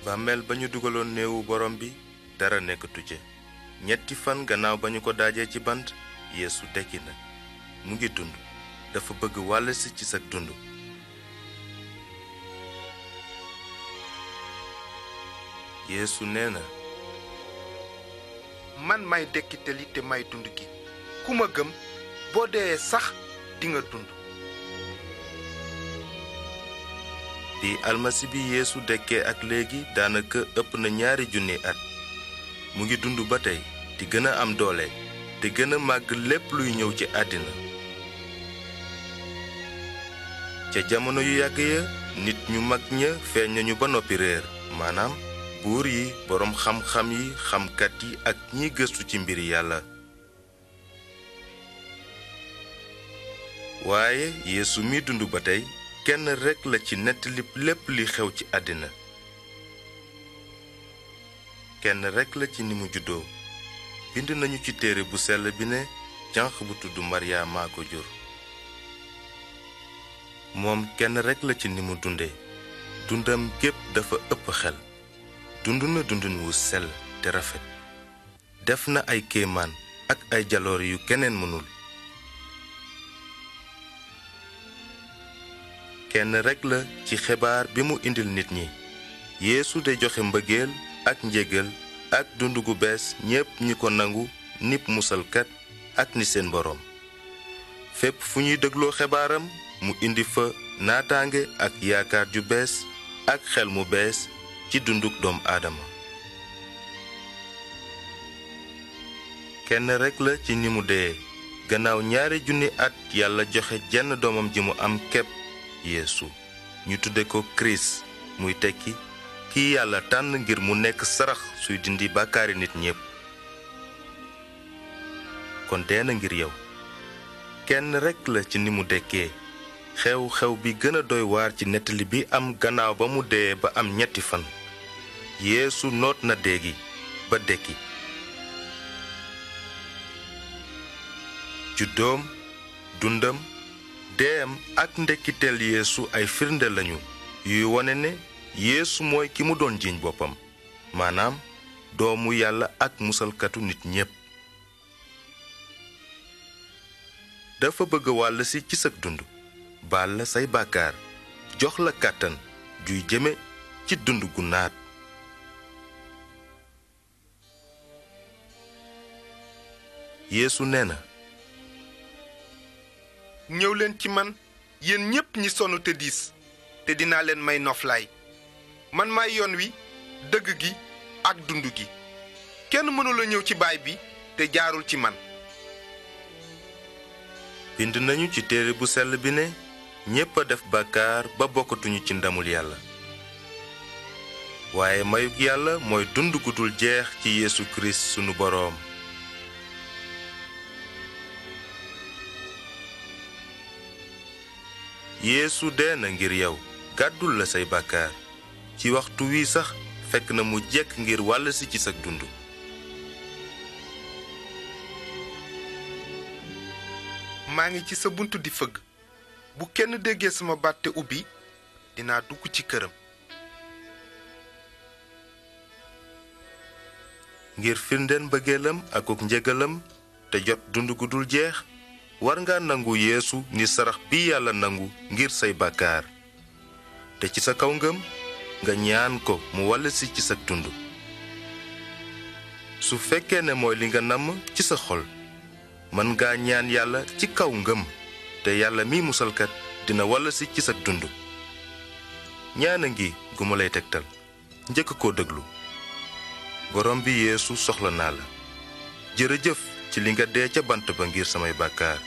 bàmmeel ba ñu dugaloon néewu borom bi dara nekkatu ca ñetti fan gannaaw ba ñu ko daajee ci bant yeesu tekki na mu ngi dund dafa bëgg wàll ci sa dund yeesu nee na man may dekkite li te may dund gi ku ma gëm boo dee sax dinga dund di almasi bi yeesu dekkee ak léegi daanaka ëpp na ñaari junni at mu ngi dund ba tey di gën a am doole te gën a màgg lépp luy ñëw ci àddina ca jamono yu yàgg ya nit ñu mag ña feeñ nañu ba noppi réer maanaam buur yi boroom xam-xam yi xamkat yi ak ñiy gëstu ci mbir yàlla waaye yéesu mi dund ba tey kenn rekk la ci nettali lépp li xew ci àddina kenn rekk la ci ni mu juddoo bind nañu ci téere bu sell bi ne janq bu tudd maryaama ko jur moom kenn rekk la ci ni mu dunde dundam gépp dafa ëpp xel dund na dundin wu sell te rafet def na ay kéemaan ak ay jaloor yu keneen mënul kenn rekk la ci xebaar bi mu indil nit ñi yeesu de joxe mbëggeel ak njégal ak dund gu bees ñépp ñi ko nangu nib musalkat ak ni seen boroom fépp fu ñuy dégloo xibaaram mu indi fa naataange ak yaakaar ju bees ak xel mu bees ci dunduk doom aadama kenn rekk la ci ni mu dee gannaaw ñaari junni at yàlla joxe jenn doomam ji mu am kepp yéesu ñu tudde ko kirist muy tekki kii yàlla tànn ngir mu nekk sarax suy dindi bàkkaari nit ñépp kon dee na ngir yow kenn rekk la ci ni mu dekkee xew-xew bi gën a doy waar ci nettali bi am gannaaw ba mu dee ba am ñetti fan yeesu noot na dee ba dekki juddoom dundam deem ak ndekkiteel yéesu ay firnde lañu yuy wone ne yéesu mooy ki mu doon jiiñ boppam maanaam doomu yàlla ak musalkatu nit ñépp dafa bëgg wàll si ci sag dund baal la say jox la kàttan juy jëme ci dund gu naat yeesu nee na ñëw leen ci man yéen ñépp ñi sonn te diis te dinaa leen may noflaay man maay yoon wi dëgg gi ak dund gi kenn mënula ñëw ci baay bi te jaarul ci man bind nañu ci téere bu sell bi ne ñépp a def bàkkaar ba bokkatuñu ci ndamul yàlla waaye mayug yàlla mooy dund gu jeex ci Yeesu Kirist sunu boroom yéesu dee na ngir yow gàddul la say bàkkaar ci waxtu wii sax fekk na mu jekk ngir wàll si ci sag dund maa ngi ci sa bunt di fëgg bu kenn déggee sama baat te ubbi dinaa dugg ci këram ngir firndeen mbëggeelam akuk njëgalam te jot dund gu dul jeex war nga nangu yéesu ni sarax bi yàlla nangu ngir say bàkkaar te ci sa kaw ngëm nga ñaan ko mu wallisi ci sa tund su fekkee ne mooy li nga namm ci sa xol mën nga ñaan yàlla ci kaw ngëm te yàlla miy musalkat dina walla si ci sa dund ñaan a ngi gu ma lay tegtal njëkk ko déglu borom bi yéesu soxla naa la jërëjëf ci li nga dee ca bant ba ngir samay bàkkaar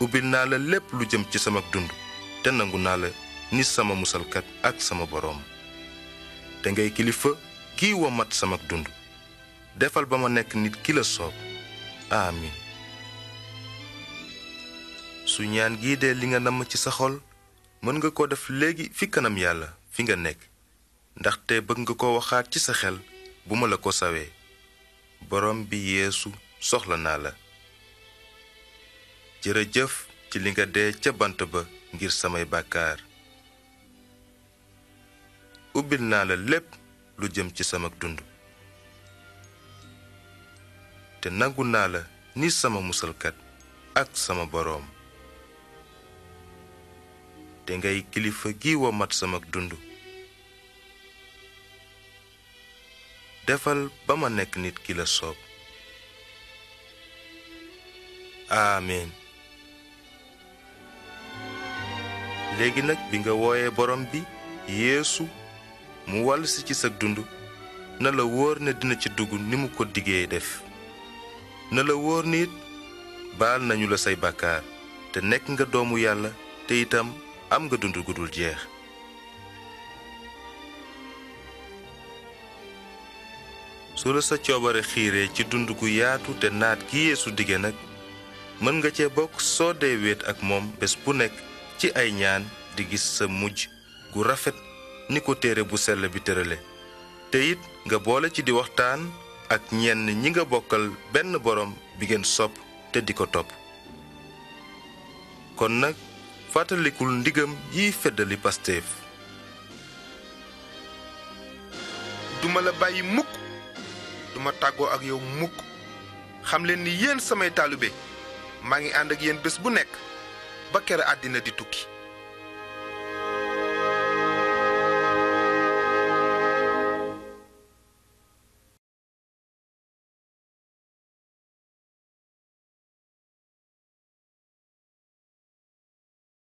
ubbil naa la lépp lu jëm ci sama dund te nangu naa la ni sama musalkat ak sama boroom dangay kilifa gi mat sama dund defal ba ma nekk nit ki la soob aamin su ñaan gii dee li nga namm ci sa xol mën nga koo def léegi fi kanam yàlla fi nga nekk ndaxte bëgg nga koo waxaat ci sa xel bu ma la ko sawee boroom bi yéesu soxla naa la jëf ci li nga dee ca bant ba ngir samay bàkkaar ubbil naa la lépp lu jëm ci sama dund te nangu naa la ni sama musalkat ak sama boroom ngay kilifa gi mat sama dund defal ba ma nekk nit ki la soob amiin léegi nag bi nga wooyee borom bi yeesu mu wàll si ci sag dund na la wóor ne dina ci dugg ni mu ko diggee def na la wóor nit baal nañu la say bàkkaar te nekk nga doomu yàlla te itam am nga dund jeex su la sa coobare xiiree ci dund gu yaatu te naat gi yeesu dige nag mën nga cee bokk soo dee wéet ak moom bés bu nekk ci ay ñaan di gis sa mujj gu rafet ni ko téere bu sell bi tërale te it nga boole ci di waxtaan ak ñenn ñi nga bokkal benn boroom bi gën sopp te di ko topp kon nag fàttalikul ndigam yiy feddali Pastef duma la bàyyi mukk duma tàggoo ak yow mukk xam leen ni yéen samay taalibe maa ngi ànd ak yéen bés bu nekk ba kere àddina di tukki